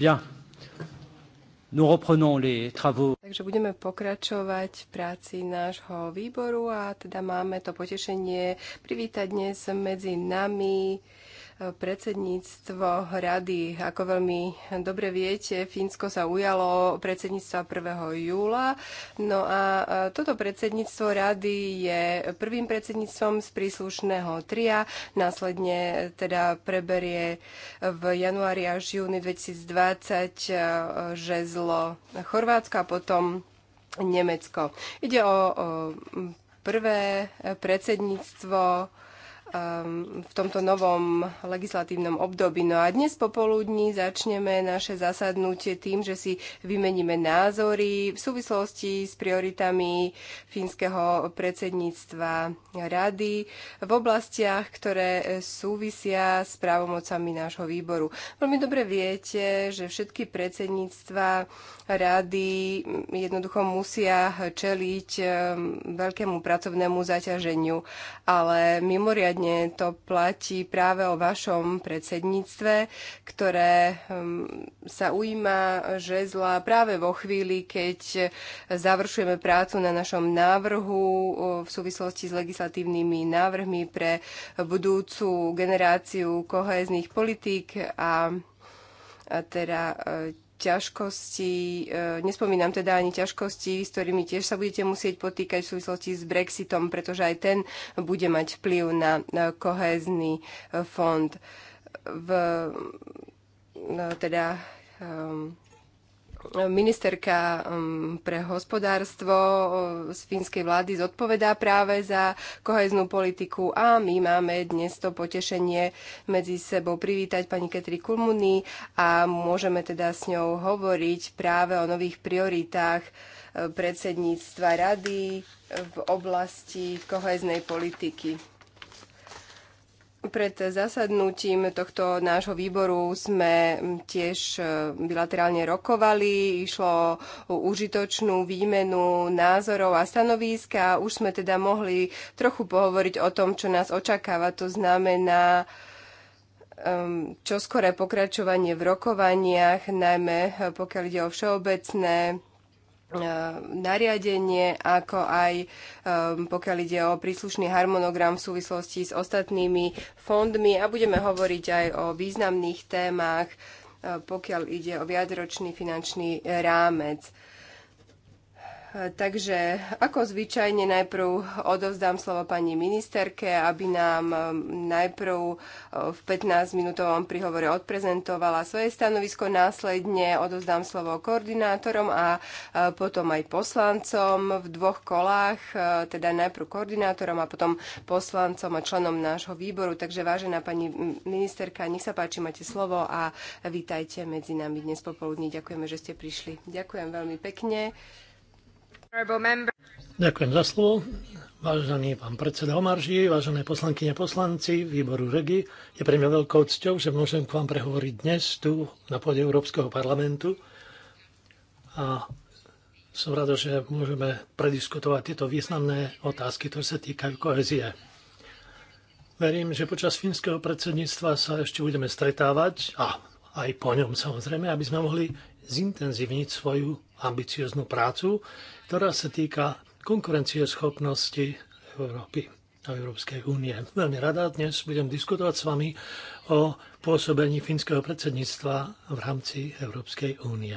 Bien. Nous reprenons les travaux. Takže budeme pokračovať v práci nášho výboru a teda máme to potešenie privítať dnes medzi nami predsedníctvo rady. Ako veľmi dobre viete, Fínsko sa ujalo predsedníctva 1. júla. No a toto predsedníctvo rady je prvým predsedníctvom z príslušného tria. Následne teda preberie v januári až júni 2020 e, žezlo Chorvátska, potom Nemecko. Ide o, o prvé predsedníctvo Um, v tomto novom legislatívnom období. No a dnes popoludní začneme naše zasadnutie tým, že si vymeníme názory v súvislosti s prioritami fínskeho predsedníctva rady v oblastiach, ktoré súvisia s právomocami nášho výboru. Veľmi dobre viete, že všetky predsedníctva rady jednoducho musia čeliť um, veľkému pracovnému zaťaženiu, ale mimoriadne osobitne to platí práve o vašom predsedníctve, ktoré hm, sa ujíma žezla práve vo chvíli, keď završujeme prácu na našom návrhu v súvislosti s legislatívnymi návrhmi pre budúcu generáciu kohéznych politík a teda e, ťažkosti, e, nespomínam teda ani ťažkosti, s ktorými tiež sa budete musieť potýkať v súvislosti s Brexitom, pretože aj ten bude mať vplyv na, na kohézny e, fond. V, no, teda ministerka um, pre hospodárstvo uh, z fínskej vlády zodpovedá práve za koheznú politiku a my máme dnes to potešenie medzi sebou privítať pani Ketri Kulmuni a môžeme teda s ňou hovoriť práve o nových prioritách uh, predsedníctva rady v oblasti koheznej politiky. Pred zasadnutím tohto nášho výboru sme tiež e, bilaterálne rokovali, išlo o užitočnú výmenu názorov a a Už sme teda mohli trochu pohovoriť o tom, čo nás očakáva. To znamená, čoskoré pokračovanie v rokovaniach, najmä e, pokiaľ ide o všeobecné E, nariadenie, ako aj e, pokiaľ ide o príslušný harmonogram v súvislosti s ostatnými fondmi a budeme hovoriť aj o významných témach, e, pokiaľ ide o viacročný finančný rámec. Takže ako zvyčajne najprv odovzdám slovo pani ministerke, aby nám e, najprv e, v 15-minútovom prihovore odprezentovala svoje stanovisko, následne odovzdám slovo koordinátorom a e, potom aj poslancom v dvoch kolách, teda najprv koordinátorom a potom poslancom a členom nášho výboru. Takže vážená pani ministerka, nech sa páči, máte slovo a vítajte medzi nami dnes popoludní. Ďakujeme, že ste prišli. Ďakujem veľmi pekne. Ďakujem za slovo. Vážený pán predseda Omarží, vážené poslankyne poslanci výboru REGI, je pre mňa veľkou cťou, že môžem k vám prehovoriť dnes tu na pôde Európskeho parlamentu. A som rada, že môžeme prediskutovať tieto významné otázky, ktoré sa týkajú kohezie. Verím, že počas fínskeho predsedníctva sa ešte budeme stretávať a aj po ňom samozrejme, aby sme mohli zintenzívniť svoju ambicioznú prácu ktorá sa týka konkurencieschopnosti Európy a Európskej únie. Veľmi rada dnes budem diskutovať s vami o pôsobení fínskeho predsedníctva v rámci Európskej únie.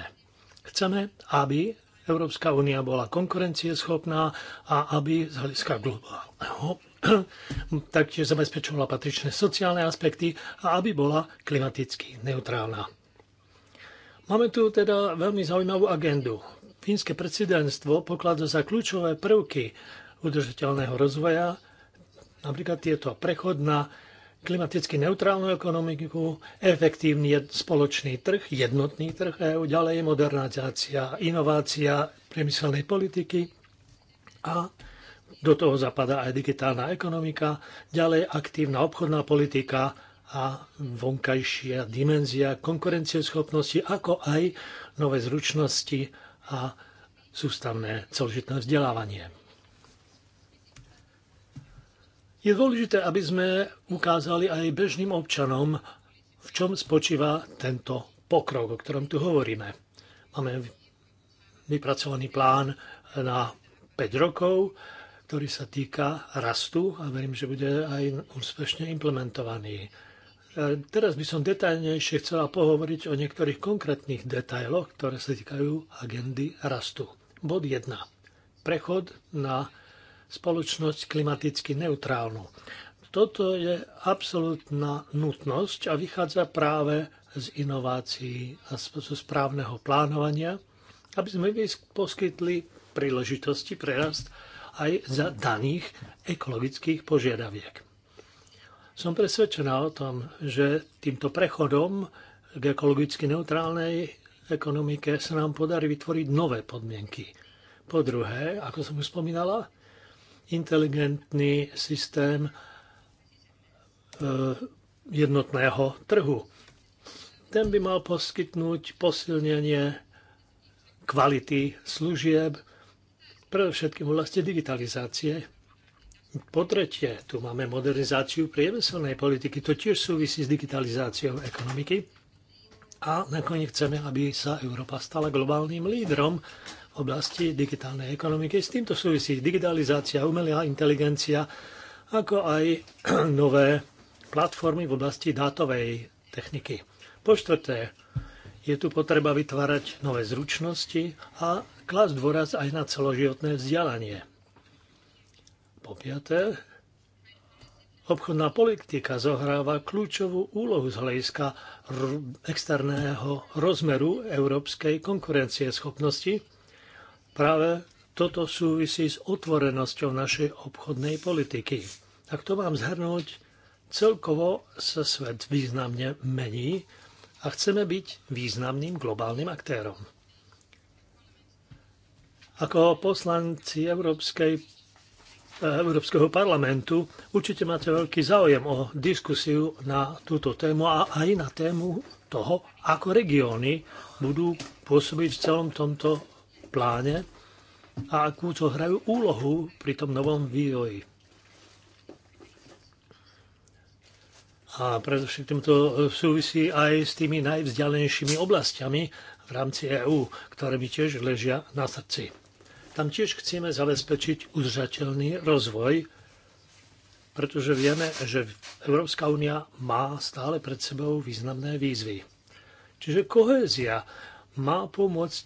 Chceme, aby Európska únia bola konkurencieschopná a aby z hľadiska globálneho taktiež zabezpečovala patričné sociálne aspekty a aby bola klimaticky neutrálna. Máme tu teda veľmi zaujímavú agendu fínske predsedenstvo pokladá za kľúčové prvky udržateľného rozvoja, napríklad tieto prechod na klimaticky neutrálnu ekonomiku, efektívny spoločný trh, jednotný trh EU, ďalej modernizácia, inovácia priemyselnej politiky a do toho zapadá aj digitálna ekonomika, ďalej aktívna obchodná politika a vonkajšia dimenzia konkurencieschopnosti, ako aj nové zručnosti a sústavné celožitné vzdelávanie. Je dôležité, aby sme ukázali aj bežným občanom, v čom spočíva tento pokrok, o ktorom tu hovoríme. Máme vypracovaný plán na 5 rokov, ktorý sa týka rastu a verím, že bude aj úspešne implementovaný. E, teraz by som detaľnejšie chcela pohovoriť o niektorých konkrétnych detailoch, ktoré sa týkajú agendy rastu. Bod 1. Prechod na spoločnosť klimaticky neutrálnu. Toto je absolútna nutnosť a vychádza práve z inovácií a zo správneho plánovania, aby sme poskytli príležitosti pre rast aj za daných ekologických požiadaviek. Som presvedčená o tom, že týmto prechodom k ekologicky neutrálnej ekonomike sa nám podarí vytvoriť nové podmienky. Po druhé, ako som už spomínala, inteligentný systém e, jednotného trhu. Ten by mal poskytnúť posilnenie kvality služieb, predovšetkým v oblasti digitalizácie po tretie, tu máme modernizáciu priemyselnej politiky, to tiež súvisí s digitalizáciou ekonomiky. A nakoniec chceme, aby sa Európa stala globálnym lídrom v oblasti digitálnej ekonomiky. S týmto súvisí digitalizácia, umelá inteligencia, ako aj nové platformy v oblasti dátovej techniky. Po štvrté, je tu potreba vytvárať nové zručnosti a klas dôraz aj na celoživotné vzdelanie po piaté, obchodná politika zohráva kľúčovú úlohu z hľadiska externého rozmeru európskej konkurencieschopnosti. Práve toto súvisí s otvorenosťou našej obchodnej politiky. Tak to mám zhrnúť, celkovo sa svet významne mení a chceme byť významným globálnym aktérom. Ako poslanci Európskej E, Európskeho parlamentu. Určite máte veľký záujem o diskusiu na túto tému a aj na tému toho, ako regióny budú pôsobiť v celom tomto pláne a akú hrajú úlohu pri tom novom vývoji. A predovšetkým to súvisí aj s tými najvzdialenejšími oblastiami v rámci EÚ, ktoré mi tiež ležia na srdci. Tam tiež chceme zabezpečiť udržateľný rozvoj, pretože vieme, že Európska únia má stále pred sebou významné výzvy. Čiže kohézia má pomôcť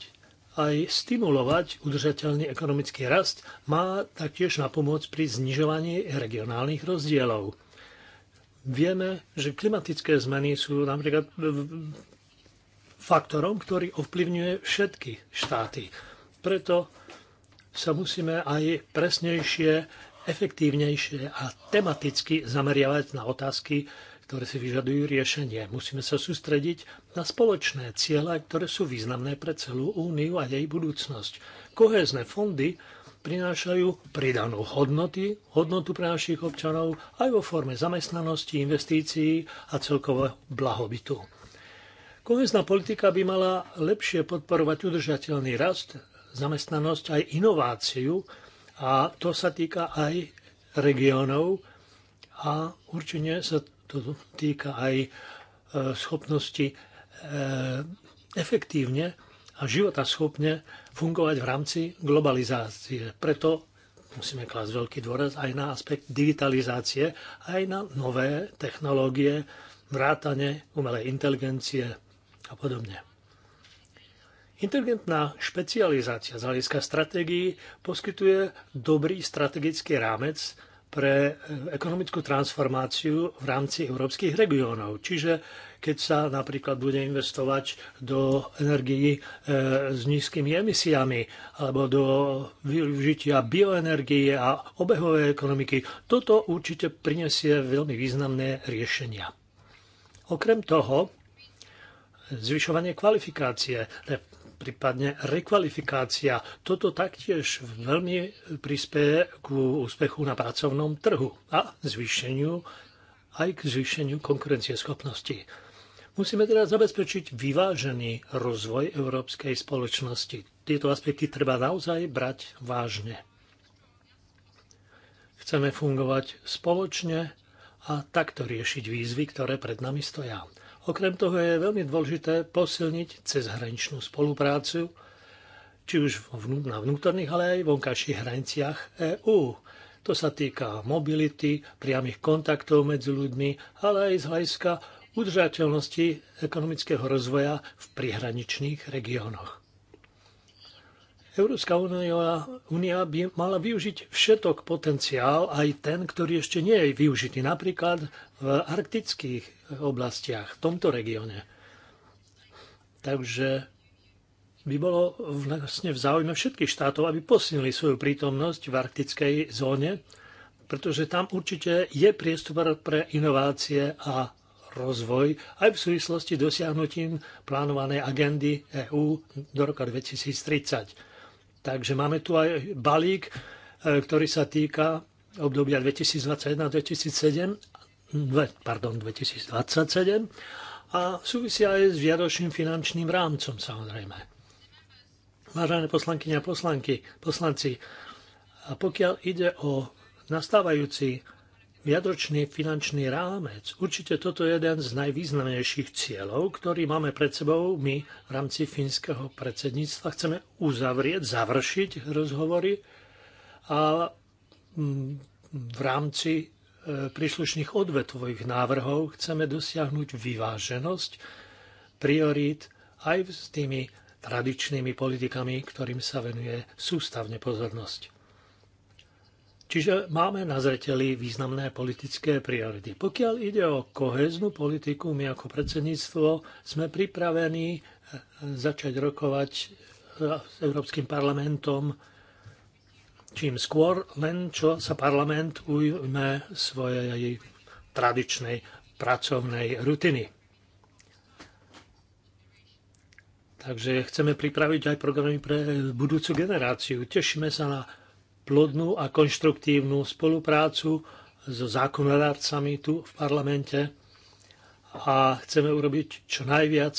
aj stimulovať udržateľný ekonomický rast, má taktiež na pomoc pri znižovaní regionálnych rozdielov. Vieme, že klimatické zmeny sú napríklad faktorom, ktorý ovplyvňuje všetky štáty. Preto sa musíme aj presnejšie, efektívnejšie a tematicky zameriavať na otázky, ktoré si vyžadujú riešenie. Musíme sa sústrediť na spoločné ciele, ktoré sú významné pre celú Úniu a jej budúcnosť. Kohézne fondy prinášajú pridanú hodnoty, hodnotu pre našich občanov aj vo forme zamestnanosti, investícií a celkového blahobytu. Kohezná politika by mala lepšie podporovať udržateľný rast, zamestnanosť, aj inováciu a to sa týka aj regiónov a určite sa to týka aj e, schopnosti e, efektívne a života schopne fungovať v rámci globalizácie. Preto musíme klásť veľký dôraz aj na aspekt digitalizácie, aj na nové technológie, vrátane umelej inteligencie a podobne. Inteligentná špecializácia z hľadiska stratégií poskytuje dobrý strategický rámec pre e, ekonomickú transformáciu v rámci európskych regiónov. Čiže keď sa napríklad bude investovať do energií e, s nízkymi emisiami alebo do využitia bioenergie a obehovej ekonomiky, toto určite prinesie veľmi významné riešenia. Okrem toho, zvyšovanie kvalifikácie, prípadne rekvalifikácia. Toto taktiež veľmi prispieje ku úspechu na pracovnom trhu a zvýšeniu aj k zvýšeniu konkurencieschopnosti. Musíme teda zabezpečiť vyvážený rozvoj európskej spoločnosti. Tieto aspekty treba naozaj brať vážne. Chceme fungovať spoločne a takto riešiť výzvy, ktoré pred nami stojí. Okrem toho je veľmi dôležité posilniť cezhraničnú spoluprácu, či už na vnútorných, ale aj vonkajších hraniciach EÚ. To sa týka mobility, priamých kontaktov medzi ľuďmi, ale aj z hľadiska udržateľnosti ekonomického rozvoja v prihraničných regiónoch. Európska únia, by mala využiť všetok potenciál, aj ten, ktorý ešte nie je využitý, napríklad v arktických oblastiach, v tomto regióne. Takže by bolo vlastne v záujme všetkých štátov, aby posilnili svoju prítomnosť v arktickej zóne, pretože tam určite je priestor pre inovácie a rozvoj aj v súvislosti dosiahnutím plánovanej agendy EÚ do roka 2030 Takže máme tu aj balík, e, ktorý sa týka obdobia 2021-2027, pardon, 2027 a súvisí aj s viadočným finančným rámcom samozrejme. Vážené poslankyne a poslanky, poslanci, a pokiaľ ide o nastávajúci viadročný finančný rámec. Určite toto je jeden z najvýznamnejších cieľov, ktorý máme pred sebou. My v rámci fínskeho predsedníctva chceme uzavrieť, završiť rozhovory a mm, v rámci e, príslušných odvetvových návrhov chceme dosiahnuť vyváženosť priorít aj s tými tradičnými politikami, ktorým sa venuje sústavne pozornosť. Čiže máme na zreteli významné politické priority. Pokiaľ ide o koheznú politiku, my ako predsedníctvo sme pripravení eh, začať rokovať eh, s Európskym parlamentom čím skôr, len čo sa parlament ujme svojej tradičnej pracovnej rutiny. Takže chceme pripraviť aj programy pre budúcu generáciu. Tešíme sa na plodnú a konštruktívnu spoluprácu so zákonodárcami tu v parlamente a chceme urobiť čo najviac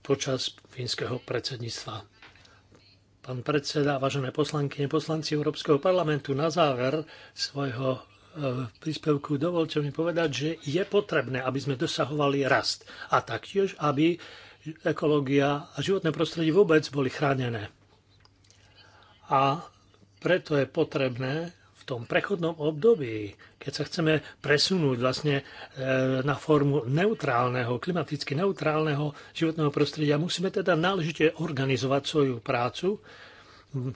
počas fínskeho predsedníctva. Pán predseda, vážené poslanky poslanci Európskeho parlamentu, na záver svojho e, príspevku dovolte mi povedať, že je potrebné, aby sme dosahovali rast a taktiež, aby ekológia a životné prostredie vôbec boli chránené. A preto je potrebné v tom prechodnom období, keď sa chceme presunúť vlastne e, na formu neutrálneho, klimaticky neutrálneho životného prostredia, musíme teda náležite organizovať svoju prácu.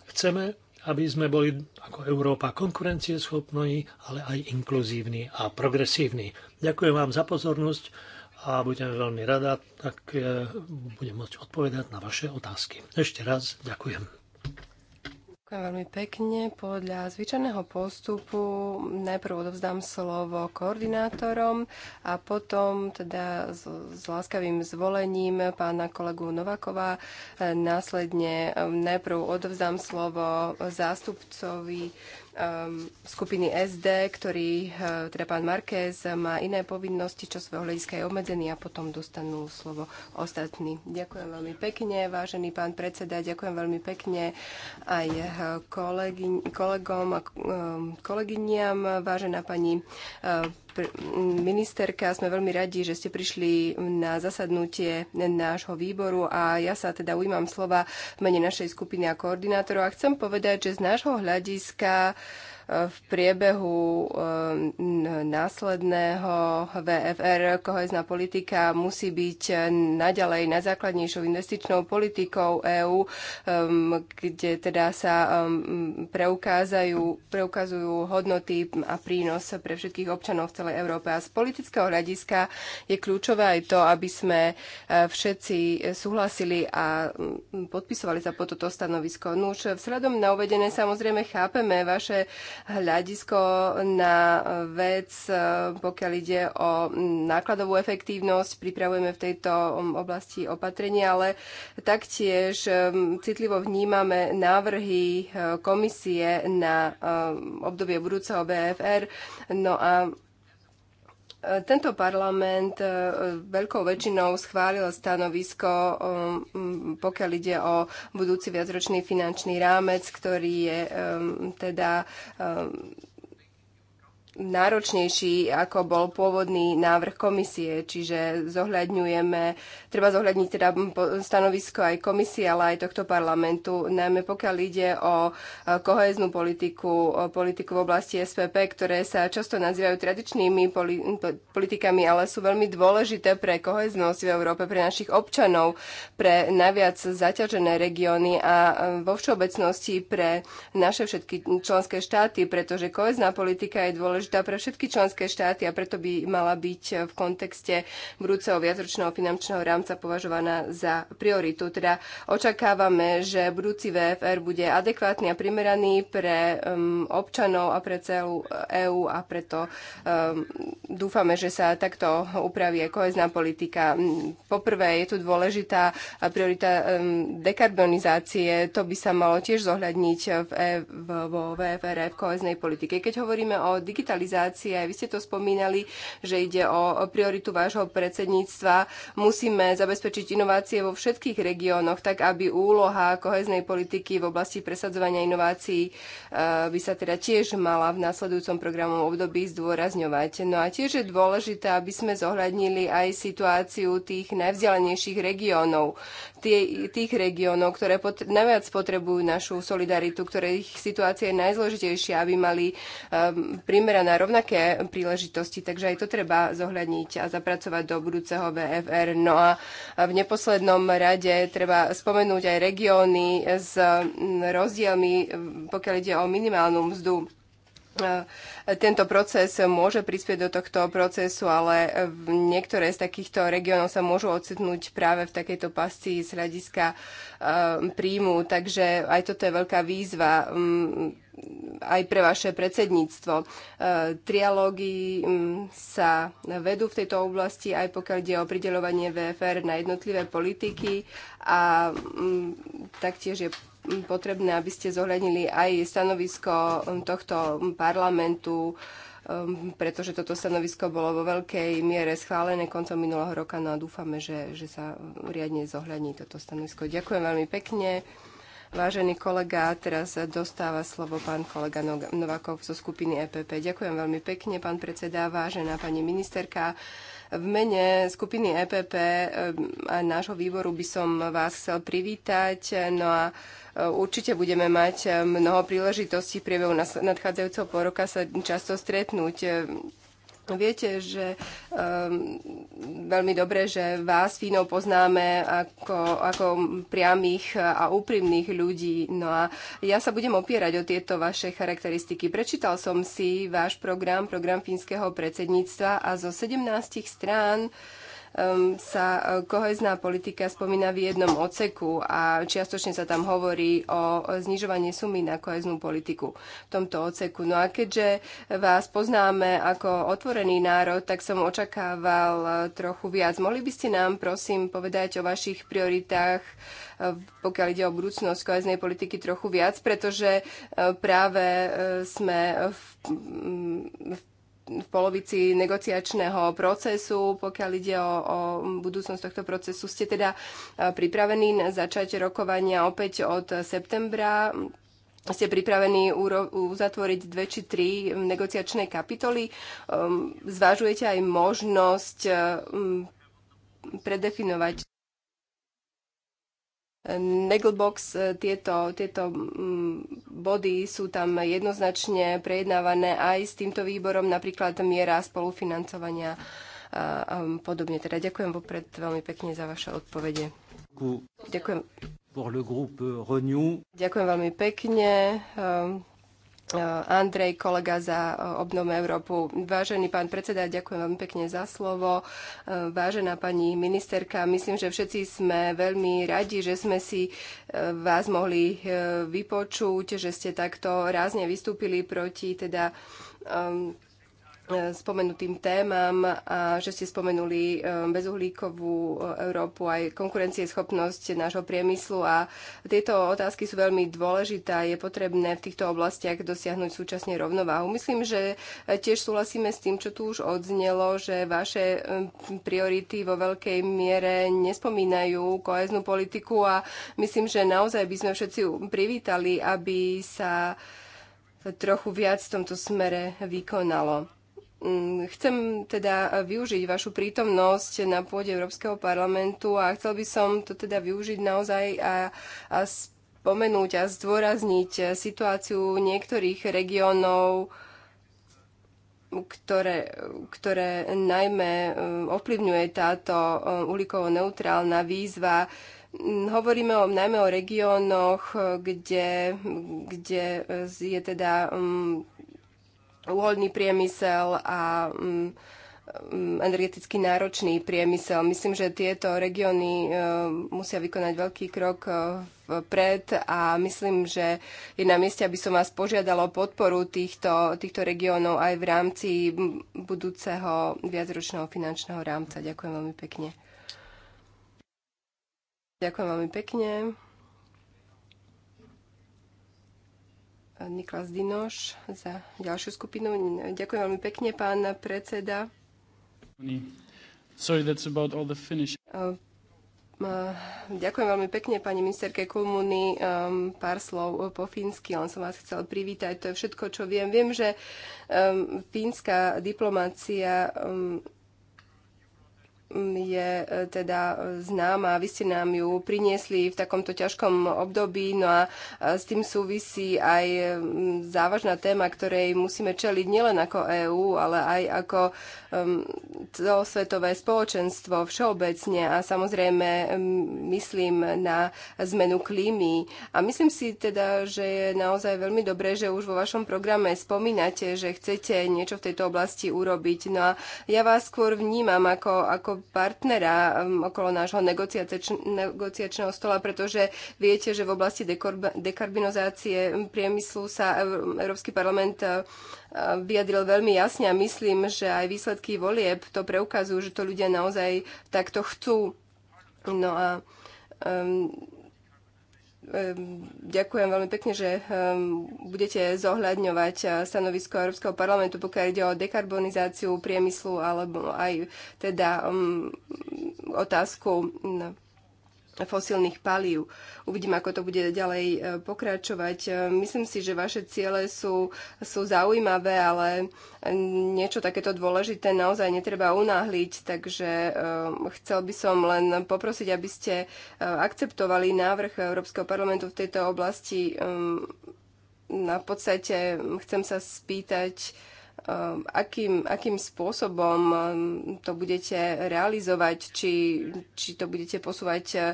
Chceme, aby sme boli ako Európa konkurencieschopní, ale aj inkluzívni a progresívni. Ďakujem vám za pozornosť a budem veľmi rada, tak e, budem môcť odpovedať na vaše otázky. Ešte raz ďakujem. Veľmi pekne. Podľa zvyčajného postupu najprv odovzdám slovo koordinátorom a potom teda s, s láskavým zvolením pána kolegu Novakova e, následne e, najprv odovzdám slovo zástupcovi um, skupiny SD, ktorý, uh, teda pán Marquez, má iné povinnosti, čo svojho hľadiska je obmedzený a potom dostanú slovo ostatní. Ďakujem veľmi pekne, vážený pán predseda, ďakujem veľmi pekne aj eh, kolegy, kolegom a um, eh, kolegyniam, vážená pani uh, ministerka, sme veľmi radi, že ste prišli na zasadnutie nášho výboru a ja sa teda ujímam slova v mene našej skupiny a koordinátorov a chcem povedať, že z nášho hľadiska v priebehu následného VFR kohezná politika musí byť naďalej najzákladnejšou investičnou politikou EÚ, kde teda sa preukázajú, preukazujú hodnoty a prínos pre všetkých občanov v celej Európe. A z politického hľadiska je kľúčové aj to, aby sme e, všetci súhlasili a podpisovali sa po toto stanovisko. No už e, vzhľadom na uvedené samozrejme chápeme vaše hľadisko na vec, e, pokiaľ ide o nákladovú efektívnosť. Pripravujeme v tejto um, oblasti opatrenia, ale taktiež um, citlivo vnímame návrhy e, komisie na e, obdobie budúceho BFR. No a tento parlament e, veľkou väčšinou schválil stanovisko, e, pokiaľ ide o budúci viacročný finančný rámec, ktorý je e, teda náročnejší, ako bol pôvodný návrh komisie, čiže zohľadňujeme, treba zohľadniť teda stanovisko aj komisie, ale aj tohto parlamentu, najmä pokiaľ ide o e, koheznú politiku, o politiku v oblasti SPP, ktoré sa často nazývajú tradičnými politikami, ale sú veľmi dôležité pre koheznosť v Európe, pre našich občanov, pre najviac zaťažené regióny a e, vo všeobecnosti pre naše všetky členské štáty, pretože kohezná politika je dôležitá dôležitá pre všetky členské štáty a preto by mala byť v kontexte budúceho viacročného finančného rámca považovaná za prioritu. Teda očakávame, že budúci VFR bude adekvátny a primeraný pre um, občanov a pre celú EÚ a preto um, dúfame, že sa takto upraví aj kohezná politika. Poprvé je tu dôležitá priorita um, dekarbonizácie, to by sa malo tiež zohľadniť v, e v, vo VFR v koheznej politike. Keď hovoríme o digitálnej digitalizácie. Vy ste to spomínali, že ide o prioritu vášho predsedníctva. Musíme zabezpečiť inovácie vo všetkých regiónoch, tak aby úloha koheznej politiky v oblasti presadzovania inovácií e, by sa teda tiež mala v následujúcom programom období zdôrazňovať. No a tiež je dôležité, aby sme zohľadnili aj situáciu tých najvzdialenejších regiónov tie, tých regiónov, ktoré pot, najviac potrebujú našu solidaritu, ktoré ich situácia je najzložitejšia, aby mali um, primeraná rovnaké príležitosti. Takže aj to treba zohľadniť a zapracovať do budúceho VFR. No a v neposlednom rade treba spomenúť aj regióny s rozdielmi, pokiaľ ide o minimálnu mzdu E, tento proces môže prispieť do tohto procesu, ale niektoré z takýchto regiónov sa môžu ocitnúť práve v takejto pasci z hľadiska e, príjmu. Takže aj toto je veľká výzva aj pre vaše predsedníctvo. E, trialógy sa vedú v tejto oblasti, aj pokiaľ ide o prideľovanie VFR na jednotlivé politiky a taktiež je potrebné, aby ste zohľadnili aj stanovisko um, tohto parlamentu, um, pretože toto stanovisko bolo vo veľkej miere schválené koncom minulého roka, no a dúfame, že, že sa riadne zohľadní toto stanovisko. Ďakujem veľmi pekne. Vážený kolega, teraz dostáva slovo pán kolega Novakov zo skupiny EPP. Ďakujem veľmi pekne, pán predseda, vážená pani ministerka. V mene skupiny EPP eh, a nášho výboru by som vás chcel privítať. No a eh, určite budeme mať eh, mnoho príležitostí v priebehu nadchádzajúceho poroka sa často stretnúť. Viete, že um, veľmi dobre, že vás Fínov poznáme ako, ako priamých a úprimných ľudí. No a ja sa budem opierať o tieto vaše charakteristiky. Prečítal som si váš program, program fínskeho predsedníctva a zo 17 strán uh, sa e, kohezná politika spomína v jednom oceku a čiastočne sa tam hovorí o znižovaní sumy na koheznú politiku v tomto oceku. No a keďže vás poznáme ako otvorený národ, tak som očakával e, trochu viac. Mohli by ste nám prosím povedať o vašich prioritách, e, pokiaľ ide o budúcnosť koheznej politiky trochu viac, pretože práve sme v, v v polovici negociačného procesu, pokiaľ ide o, o budúcnosť tohto procesu. Ste teda e, pripravení začať rokovania opäť od septembra? Ste pripravení uzatvoriť dve či tri negociačné kapitoly? Ehm, Zvážujete aj možnosť ehm, predefinovať Neglbox, e, tieto, tieto mm, body sú tam jednoznačne prejednávané aj s týmto výborom, napríklad miera spolufinancovania a, a podobne. Teda ďakujem vopred veľmi pekne za vaše odpovede. Ďakujem. Ďakujem veľmi pekne. E, Eh, Andrej, kolega za eh, obnom Európu. Vážený pán predseda, ďakujem veľmi pekne za slovo. Eh, vážená pani ministerka, myslím, že všetci sme veľmi radi, že sme si vás mohli vypočuť, že ste takto rázne vystúpili proti teda um, spomenutým témam a že ste spomenuli um, bezuhlíkovú Európu aj konkurencieschopnosť nášho priemyslu a tieto otázky sú veľmi dôležité je potrebné v týchto oblastiach dosiahnuť súčasne rovnováhu. Myslím, že tiež súhlasíme s tým, čo tu už odznelo, že vaše um, priority vo veľkej miere nespomínajú koheznú politiku a myslím, že naozaj by sme všetci privítali, aby sa trochu viac v tomto smere vykonalo. Mm, chcem teda využiť vašu prítomnosť na pôde Európskeho parlamentu a chcel by som to teda využiť naozaj a, a spomenúť a zdôrazniť situáciu niektorých regiónov, ktoré, ktoré najmä mm, ovplyvňuje táto mm, uhlíkovo-neutrálna výzva. Hovoríme o, najmä o regiónoch, kde, kde je teda uholný priemysel a mm, mm, energeticky náročný priemysel. Myslím, že tieto regióny e, musia vykonať veľký krok e, vpred a myslím, že je na mieste, aby som vás požiadala o podporu týchto, týchto regiónov aj v rámci budúceho viacročného finančného rámca. Ďakujem veľmi pekne. Ďakujem veľmi pekne. Niklas Dinoš za ďalšiu skupinu. Ďakujem veľmi pekne, pán predseda. Sorry, that's about all the finish. Ďakujem veľmi pekne pani ministerke Kulmuny. Um, pár slov po fínsky, len som vás chcel privítať. To je všetko, čo viem. Viem, že um, fínska diplomácia um, je e, teda e, známa, vy ste nám ju priniesli v takomto ťažkom období, no a e, s tým súvisí aj závažná téma, ktorej musíme čeliť nielen ako EÚ, ale aj ako celosvetové spoločenstvo všeobecne a samozrejme myslím na zmenu klímy. A myslím si teda, že je naozaj veľmi dobré, že už vo vašom programe spomínate, že chcete niečo v tejto oblasti urobiť. No a ja vás skôr vnímam ako, ako partnera um, okolo nášho negociačného stola, pretože viete, že v oblasti dekarbinizácie priemyslu sa Európsky parlament uh, uh, vyjadril veľmi jasne a myslím, že aj výsledky volieb to preukazujú, že to ľudia naozaj takto chcú. No a um, Ďakujem veľmi pekne, že budete zohľadňovať eh, stanovisko Európskeho parlamentu, pokiaľ ide o dekarbonizáciu priemyslu alebo aj teda otázku fosílnych palív. Uvidím, ako to bude ďalej e, pokračovať. E, myslím si, že vaše ciele sú, sú zaujímavé, ale e, niečo takéto dôležité naozaj netreba unáhliť, takže chcel by som len poprosiť, aby ste akceptovali návrh Európskeho parlamentu v tejto oblasti. Na podstate chcem sa spýtať, Um, akým, akým spôsobom um, to budete realizovať, či, či to budete posúvať uh,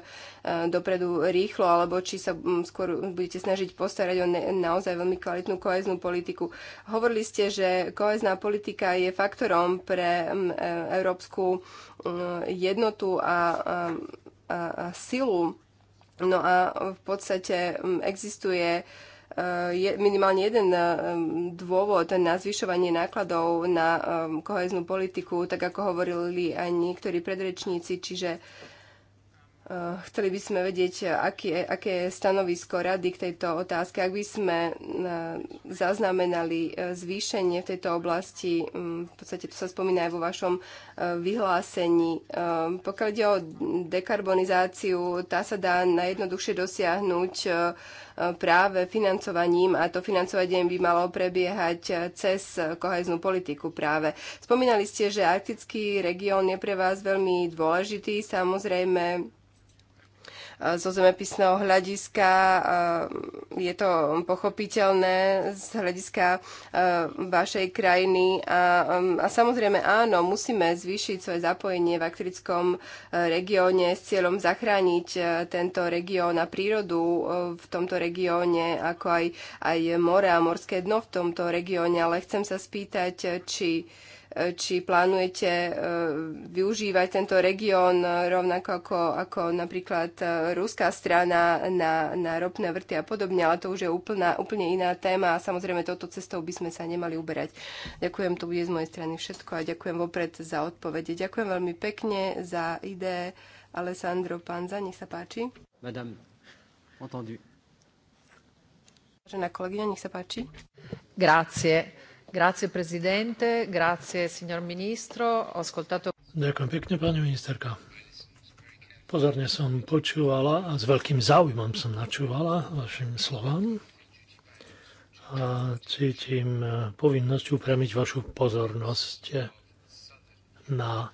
dopredu rýchlo, alebo či sa um, skôr budete snažiť postarať o ne, naozaj veľmi kvalitnú koheznú politiku. Hovorili ste, že kohezná politika je faktorom pre e, európsku jednotu a, a, a silu. No a v podstate existuje uh, Eh, je minimálne jeden eh, dôvod na zvyšovanie nákladov na eh, koheznú politiku, tak ako hovorili aj niektorí predrečníci, čiže Eh, chceli by sme vedieť, aké, aké je stanovisko rady k tejto otázke. Ak by sme eh, zaznamenali eh, zvýšenie v tejto oblasti, mm, v podstate to sa spomína aj vo vašom vyhlásení. Pokiaľ ide o dekarbonizáciu, tá sa dá najjednoduchšie dosiahnuť práve financovaním a to financovanie by malo prebiehať cez koheznú politiku práve. Spomínali ste, že arktický región je pre vás veľmi dôležitý. Samozrejme, zo zemepisného hľadiska eh, je to pochopiteľné z hľadiska eh, vašej krajiny a, mm, a samozrejme áno, musíme zvýšiť svoje zapojenie v Aktrickom eh, regióne s cieľom zachrániť tento región a prírodu v tomto regióne, ako aj, aj more a morské dno v tomto regióne, ale chcem sa spýtať, či či plánujete e, využívať tento región e, rovnako ako, ako napríklad e, ruská strana na, na ropné vrty a podobne, ale to už je úplná, úplne iná téma a samozrejme touto cestou by sme sa nemali uberať. Ďakujem, to bude z mojej strany všetko a ďakujem vopred za odpovede. Ďakujem veľmi pekne za ide Alessandro Panza, nech sa páči. Madame, entendu. kolegyňa, nech sa páči. Grazie pani Pozorne som počúvala a s veľkým záujmom som načúvala vašim slovám a cítim e, povinnosť upriamiť vašu pozornosť e, na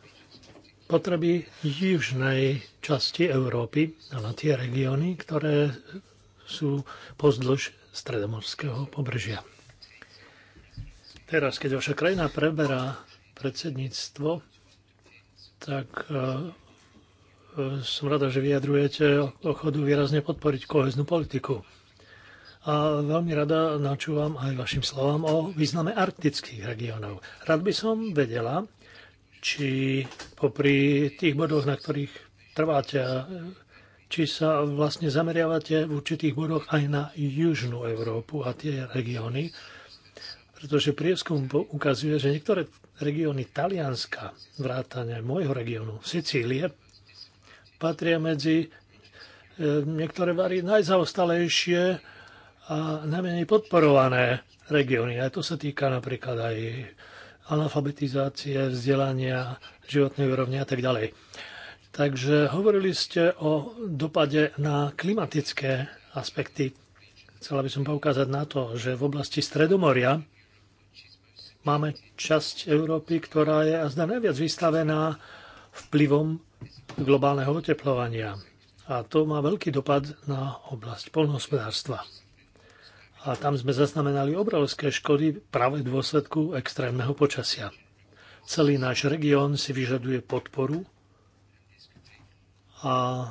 potreby južnej časti Európy a na tie regióny, ktoré sú pozdĺž stredomorského pobrežia. Teraz, keď vaša krajina preberá predsedníctvo, tak eh, som rada, že vyjadrujete ochodu výrazne podporiť koheznú politiku. A veľmi rada načúvam aj vašim slovám o význame arktických regiónov. Rád by som vedela, či popri tých bodoch, na ktorých trváte, či sa vlastne zameriavate v určitých bodoch aj na južnú Európu a tie regióny, pretože prieskum ukazuje, že niektoré regióny Talianska, vrátane môjho regiónu, Sicílie, patria medzi e, niektoré vary najzaostalejšie a najmenej podporované regióny. A to sa týka napríklad aj analfabetizácie, vzdelania, životnej úrovne a tak ďalej. Takže hovorili ste o dopade na klimatické aspekty. Chcela by som poukázať na to, že v oblasti Stredomoria máme časť Európy, ktorá je a zda najviac vystavená vplyvom globálneho oteplovania. A to má veľký dopad na oblasť polnohospodárstva. A tam sme zaznamenali obrovské škody práve v dôsledku extrémneho počasia. Celý náš región si vyžaduje podporu a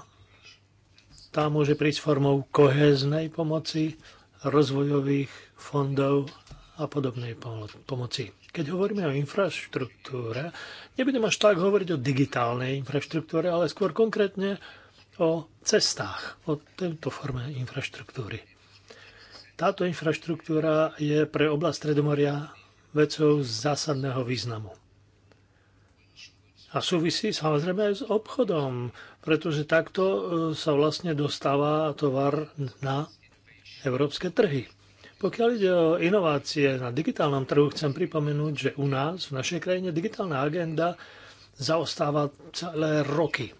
tá môže prísť formou kohéznej pomoci, rozvojových fondov a podobnej pomoci. Keď hovoríme o infraštruktúre, nebudem až tak hovoriť o digitálnej infraštruktúre, ale skôr konkrétne o cestách, o tejto forme infraštruktúry. Táto infraštruktúra je pre oblast Stredomoria vecou zásadného významu. A súvisí samozrejme aj s obchodom, pretože takto e, sa vlastne dostáva tovar na európske trhy. Pokiaľ ide o inovácie na digitálnom trhu, chcem pripomenúť, že u nás, v našej krajine, digitálna agenda zaostáva celé roky.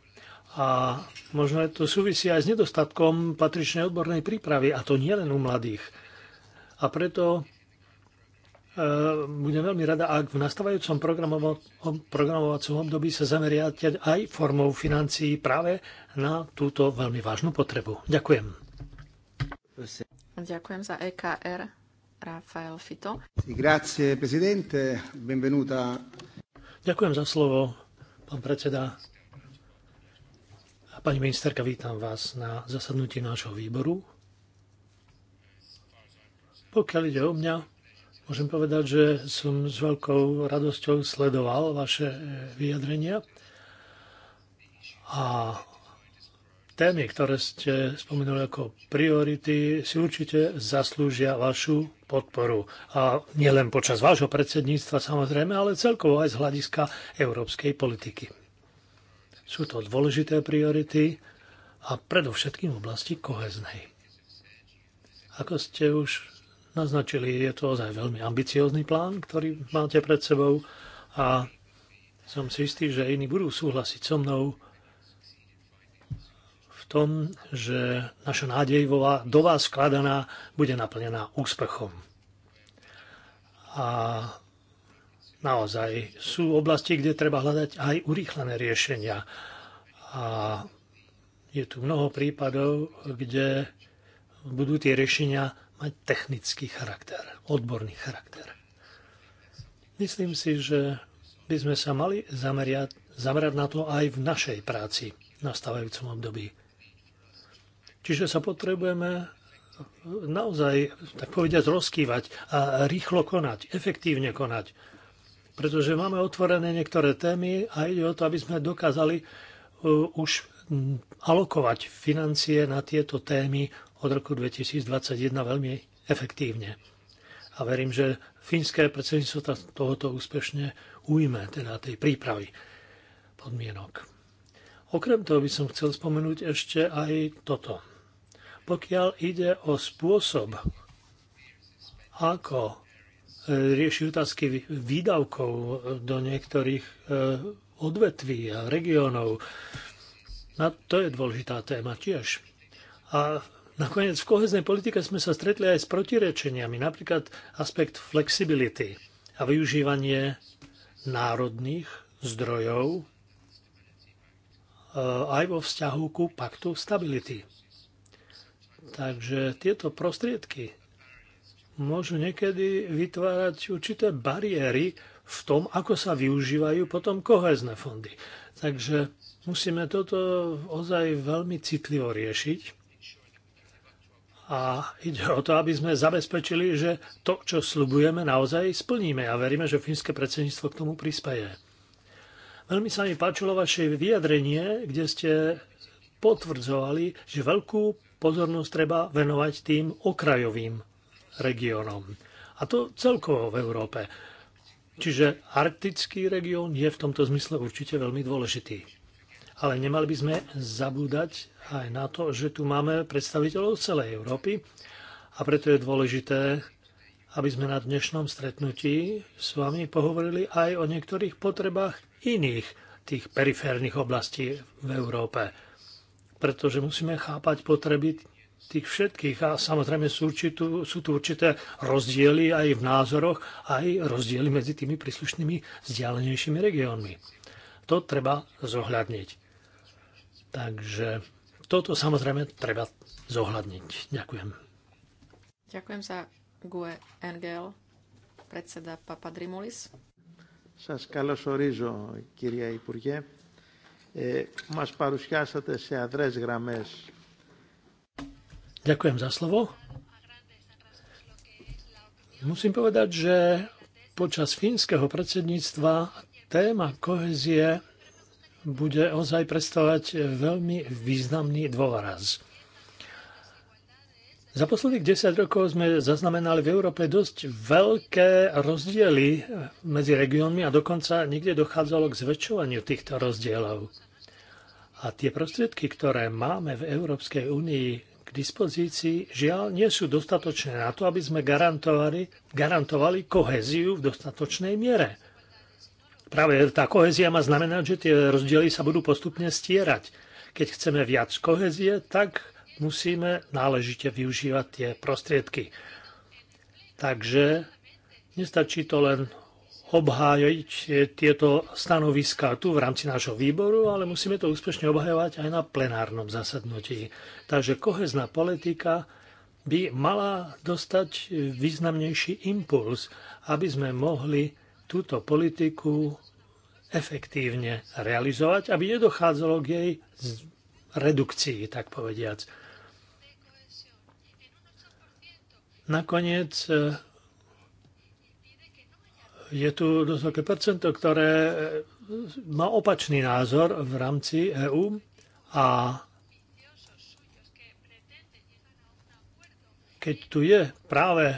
A možno je to súvisí aj s nedostatkom patričnej odbornej prípravy, a to nie len u mladých. A preto e, budem veľmi rada, ak v nastávajúcom programovo- programovacom období sa zameriate aj formou financií práve na túto veľmi vážnu potrebu. Ďakujem. Ďakujem za EKR. Rafael Fito. Grazie, presidente. Benvenuta. Ďakujem za slovo, pán predseda. Pani ministerka, vítam vás na zasadnutí nášho výboru. Pokiaľ ide o mňa, môžem povedať, že som s veľkou radosťou sledoval vaše eh, vyjadrenia a Témy, ktoré ste spomenuli ako priority, si určite zaslúžia vašu podporu. A nielen počas vášho predsedníctva samozrejme, ale celkovo aj z hľadiska európskej politiky. Sú to dôležité priority a predovšetkým v oblasti koheznej. Ako ste už naznačili, je to ozaj veľmi ambiciózny plán, ktorý máte pred sebou a som si istý, že iní budú súhlasiť so mnou, tom, že naša nádej do vás skladaná bude naplnená úspechom. A naozaj sú oblasti, kde treba hľadať aj urýchlené riešenia. A je tu mnoho prípadov, kde budú tie riešenia mať technický charakter, odborný charakter. Myslím si, že by sme sa mali zamerať, zamerať na to aj v našej práci v stavajúcom období. Čiže sa potrebujeme naozaj, tak povediať, rozkývať a rýchlo konať, efektívne konať. Pretože máme otvorené niektoré témy a ide o to, aby sme dokázali e, už alokovať financie na tieto témy od roku 2021 veľmi efektívne. A verím, že fínske predsedníctvo tohoto úspešne ujme, teda tej prípravy podmienok. Okrem toho by som chcel spomenúť ešte aj toto. Pokiaľ ide o spôsob, ako e, rieši otázky výdavkov do niektorých e, odvetví a regiónov, na to je dôležitá téma tiež. A nakoniec v koheznej politike sme sa stretli aj s protirečeniami, napríklad aspekt flexibility a využívanie národných zdrojov e, aj vo vzťahu ku paktu stability. Takže tieto prostriedky môžu niekedy vytvárať určité bariéry v tom, ako sa využívajú potom kohezné fondy. Takže musíme toto ozaj veľmi citlivo riešiť. A ide o to, aby sme zabezpečili, že to, čo slubujeme, naozaj splníme. A veríme, že fínske predsedníctvo k tomu prispieje. Veľmi sa mi páčilo vaše vyjadrenie, kde ste potvrdzovali, že veľkú pozornosť treba venovať tým okrajovým regiónom. A to celkovo v Európe. Čiže arktický región je v tomto zmysle určite veľmi dôležitý. Ale nemali by sme zabúdať aj na to, že tu máme predstaviteľov celej Európy a preto je dôležité, aby sme na dnešnom stretnutí s vami pohovorili aj o niektorých potrebách iných tých periférnych oblastí v Európe pretože musíme chápať potreby tých všetkých a samozrejme sú, určitú, sú tu určité rozdiely aj v názoroch, aj rozdiely medzi tými príslušnými vzdialenejšími regiónmi. To treba zohľadniť. Takže toto samozrejme treba zohľadniť. Ďakujem. Ďakujem za GUE Engel, predseda Papadrimulis. Σας καλωσορίζω, κυρία Υπουργέ. E, μας παρουσιάσατε σε αδρές γραμμές. Ďakujem za slovo. Musím povedať, že počas fínskeho predsedníctva téma kohezie bude ozaj predstavovať veľmi významný dôraz. Za posledných 10 rokov sme zaznamenali v Európe dosť veľké rozdiely medzi regiónmi a dokonca niekde dochádzalo k zväčšovaniu týchto rozdielov. A tie prostriedky, ktoré máme v Európskej únii k dispozícii, žiaľ nie sú dostatočné na to, aby sme garantovali, garantovali koheziu v dostatočnej miere. Práve tá kohezia má znamenať, že tie rozdiely sa budú postupne stierať. Keď chceme viac kohezie, tak musíme náležite využívať tie prostriedky. Takže nestačí to len obhájiť tieto stanoviská tu v rámci nášho výboru, ale musíme to úspešne obhajovať aj na plenárnom zasadnutí. Takže kohezná politika by mala dostať významnejší impuls, aby sme mohli túto politiku efektívne realizovať, aby nedochádzalo k jej redukcii, tak povediac. Nakoniec e, je tu dosť veľké percento, ktoré e, má opačný názor v rámci EÚ a keď tu je práve e,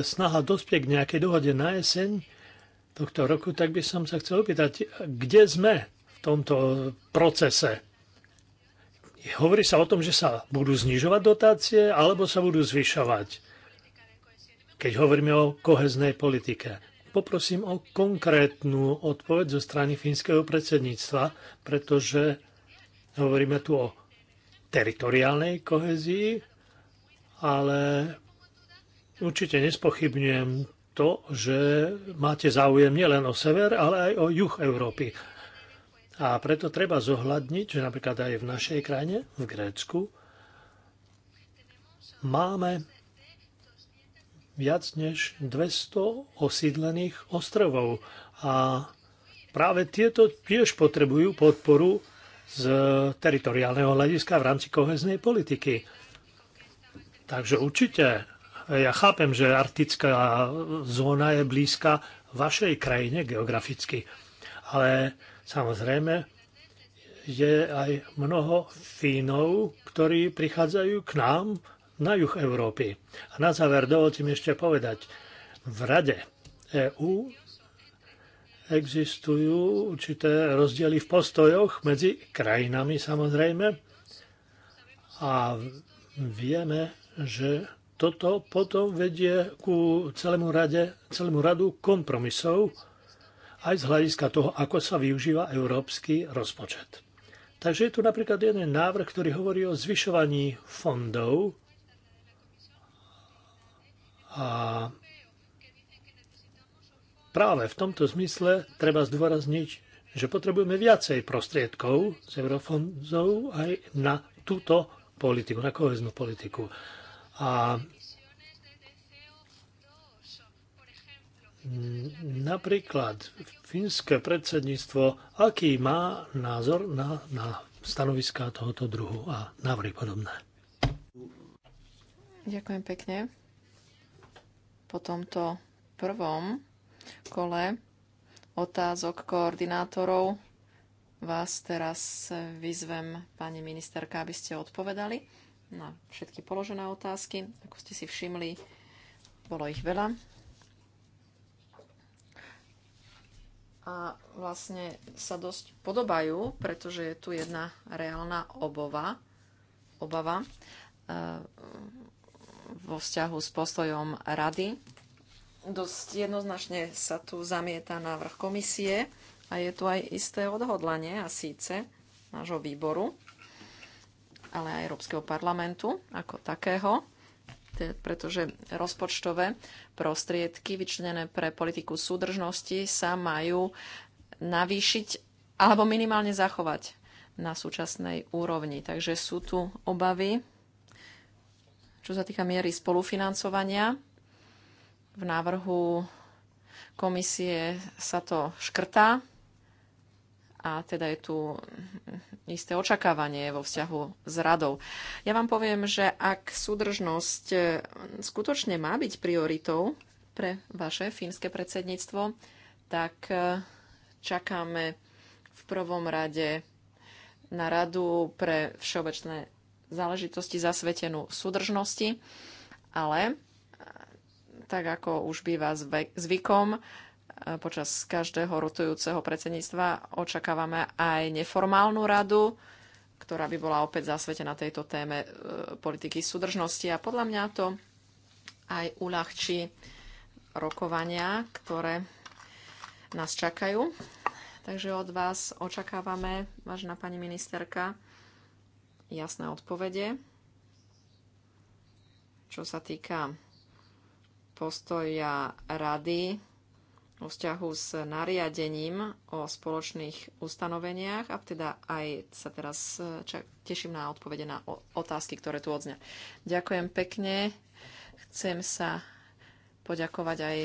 snaha dospieť k nejakej dohode na jeseň tohto roku, tak by som sa chcel opýtať, kde sme v tomto procese? Hovorí sa o tom, že sa budú znižovať dotácie alebo sa budú zvyšovať keď hovoríme o koheznej politike. Poprosím o konkrétnu odpoveď zo strany fínskeho predsedníctva, pretože hovoríme tu o teritoriálnej kohezii, ale určite nespochybňujem to, že máte záujem nielen o sever, ale aj o juh Európy. A preto treba zohľadniť, že napríklad aj v našej krajine, v Grécku, máme viac než 200 osídlených ostrovov a práve tieto tiež potrebujú podporu z teritoriálneho hľadiska v rámci koheznej politiky. Takže určite ja chápem, že arktická zóna je blízka vašej krajine geograficky, ale samozrejme je aj mnoho Fínov, ktorí prichádzajú k nám na juh Európy. A na záver dovolte mi ešte povedať, v Rade EÚ existujú určité rozdiely v postojoch medzi krajinami samozrejme a vieme, že toto potom vedie ku celému, rade, celému radu kompromisov aj z hľadiska toho, ako sa využíva európsky rozpočet. Takže je tu napríklad jeden návrh, ktorý hovorí o zvyšovaní fondov a práve v tomto zmysle treba zdôrazniť, že potrebujeme viacej prostriedkov z eurofondov aj na túto politiku, na koheznú politiku. A napríklad fínske predsedníctvo, aký má názor na, na stanoviská tohoto druhu a návrhy podobné. Ďakujem pekne po tomto prvom kole otázok koordinátorov vás teraz vyzvem, pani ministerka, aby ste odpovedali na všetky položené otázky. Ako ste si všimli, bolo ich veľa. A vlastne sa dosť podobajú, pretože je tu jedna reálna obova, obava. E, vo vzťahu s postojom rady. Dosť jednoznačne sa tu zamieta návrh komisie a je tu aj isté odhodlanie a síce nášho výboru, ale aj Európskeho parlamentu ako takého, pretože rozpočtové prostriedky vyčlenené pre politiku súdržnosti sa majú navýšiť alebo minimálne zachovať na súčasnej úrovni. Takže sú tu obavy čo sa týka miery spolufinancovania, v návrhu komisie sa to škrtá a teda je tu isté očakávanie vo vzťahu s radou. Ja vám poviem, že ak súdržnosť skutočne má byť prioritou pre vaše fínske predsedníctvo, tak e, čakáme v prvom rade na radu pre všeobecné záležitosti zasvetenú súdržnosti, ale e, tak ako už býva zvykom, e, počas každého rotujúceho predsedníctva očakávame aj neformálnu radu, ktorá by bola opäť zasvetená tejto téme e, politiky súdržnosti a podľa mňa to aj uľahčí rokovania, ktoré nás čakajú. Takže od vás očakávame, vážna pani ministerka, jasné odpovede. Čo sa týka postoja rady vo vzťahu s nariadením o spoločných ustanoveniach a teda aj sa teraz čak, teším na odpovede na otázky, ktoré tu odznia. Ďakujem pekne. Chcem sa poďakovať aj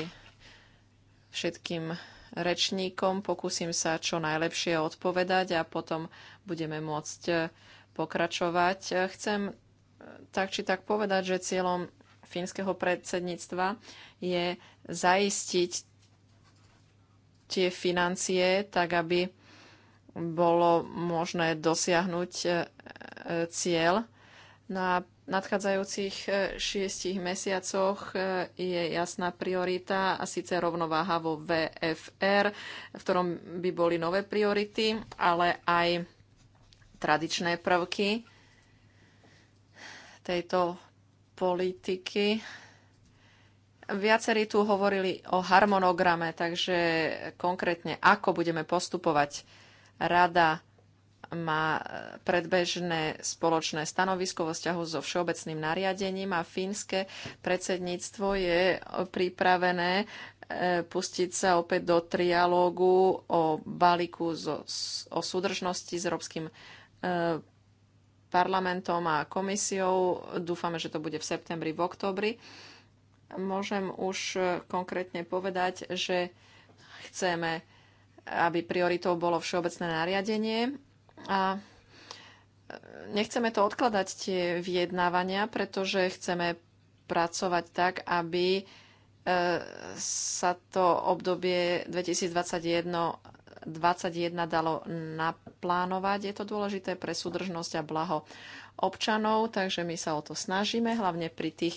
všetkým rečníkom. Pokúsim sa čo najlepšie odpovedať a potom budeme môcť pokračovať. Chcem eh, tak či tak povedať, že cieľom fínskeho predsedníctva je zaistiť tie financie tak, aby bolo možné dosiahnuť eh, eh, cieľ. Na nadchádzajúcich šiestich mesiacoch je jasná priorita a síce rovnováha vo VFR, v ktorom by boli nové priority, ale aj tradičné prvky tejto politiky. Viacerí tu hovorili o harmonograme, takže konkrétne ako budeme postupovať. Rada má predbežné spoločné stanovisko vo vzťahu so všeobecným nariadením a fínske predsedníctvo je pripravené e, pustiť sa opäť do trialógu o balíku o súdržnosti s Európskym parlamentom a komisiou. Dúfame, že to bude v septembri, v oktobri. Môžem už e, konkrétne povedať, že chceme, aby prioritou bolo všeobecné nariadenie a e, nechceme to odkladať tie vyjednávania, pretože chceme pracovať tak, aby e, sa to obdobie 2021 21 dalo naplánovať. Je to dôležité pre súdržnosť a blaho občanov, takže my sa o to snažíme, hlavne pri tých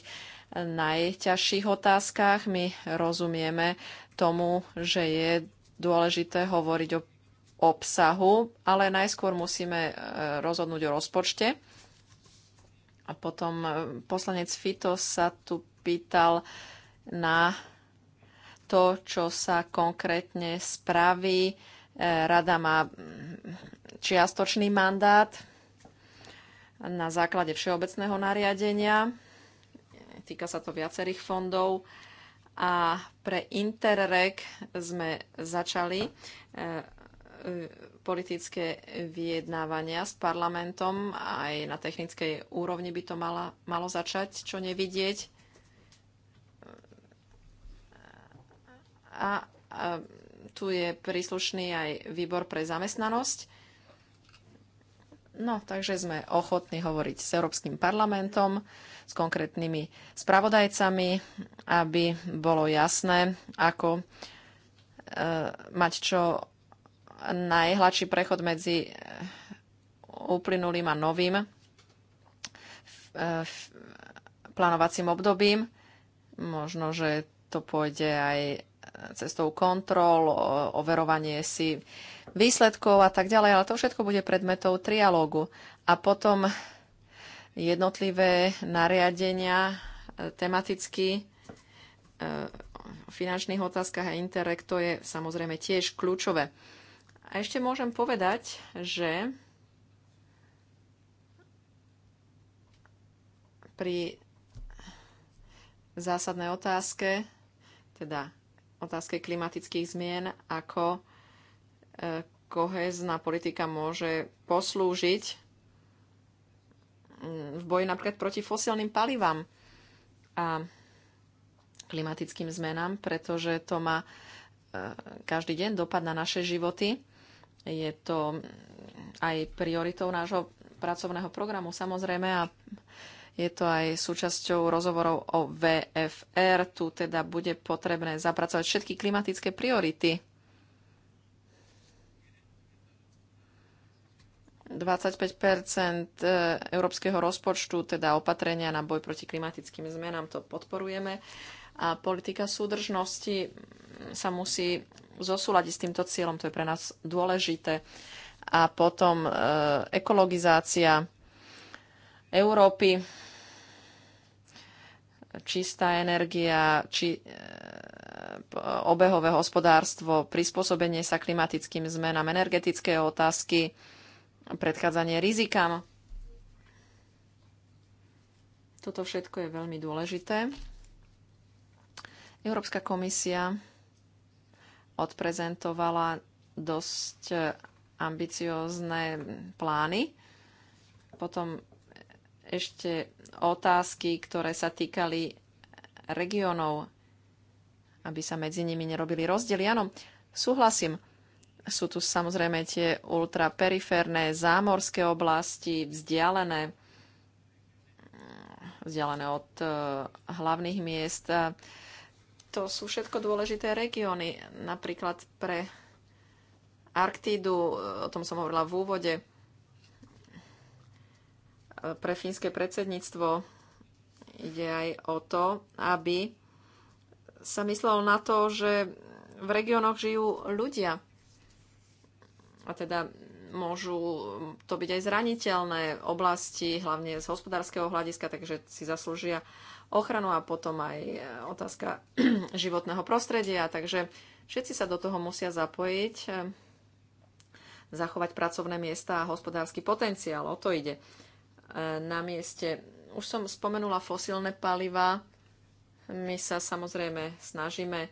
najťažších otázkach. My rozumieme tomu, že je dôležité hovoriť o obsahu, ale najskôr musíme e, rozhodnúť o rozpočte. A potom e, poslanec Fito sa tu pýtal na to, čo sa konkrétne spraví Rada má čiastočný mandát na základe všeobecného nariadenia. Týka sa to viacerých fondov. A pre Interreg sme začali e, politické vyjednávania s parlamentom. Aj na technickej úrovni by to mala, malo začať, čo nevidieť. A, a tu je príslušný aj výbor pre zamestnanosť. No, takže sme ochotní hovoriť s Európskym parlamentom, s konkrétnymi spravodajcami, aby bolo jasné, ako e, mať čo najhladší prechod medzi uplynulým a novým e, plánovacím obdobím. Možno, že to pôjde aj cestou kontrol, overovanie si výsledkov a tak ďalej, ale to všetko bude predmetou trialógu. A potom jednotlivé nariadenia e, tematicky e, o finančných otázkach a interek, to je samozrejme tiež kľúčové. A ešte môžem povedať, že pri zásadnej otázke, teda otázke klimatických zmien, ako e, kohezná politika môže poslúžiť v boji napríklad proti fosilným palivám a klimatickým zmenám, pretože to má e, každý deň dopad na naše životy. Je to aj prioritou nášho pracovného programu samozrejme a je to aj súčasťou rozhovorov o VFR. Tu teda bude potrebné zapracovať všetky klimatické priority. 25 eh, európskeho rozpočtu, teda opatrenia na boj proti klimatickým zmenám, to podporujeme. A politika súdržnosti sa musí zosúľadiť s týmto cieľom, to je pre nás dôležité. A potom e, ekologizácia Európy, čistá energia, či e, obehové hospodárstvo, prispôsobenie sa klimatickým zmenám, energetické otázky, predchádzanie rizikám. Toto všetko je veľmi dôležité. Európska komisia odprezentovala dosť ambiciózne plány. Potom ešte otázky, ktoré sa týkali regionov, aby sa medzi nimi nerobili rozdiely. Áno, súhlasím. Sú tu samozrejme tie ultraperiférne zámorské oblasti, vzdialené, vzdialené od e, hlavných miest. To sú všetko dôležité regióny, napríklad pre Arktídu, e, o tom som hovorila v úvode, pre fínske predsedníctvo ide aj o to, aby sa myslelo na to, že v regiónoch žijú ľudia. A teda môžu to byť aj zraniteľné oblasti, hlavne z hospodárskeho hľadiska, takže si zaslúžia ochranu a potom aj otázka životného prostredia. Takže všetci sa do toho musia zapojiť, eh, zachovať pracovné miesta a hospodársky potenciál. O to ide. E, na mieste. Už som spomenula fosílne paliva. My sa samozrejme snažíme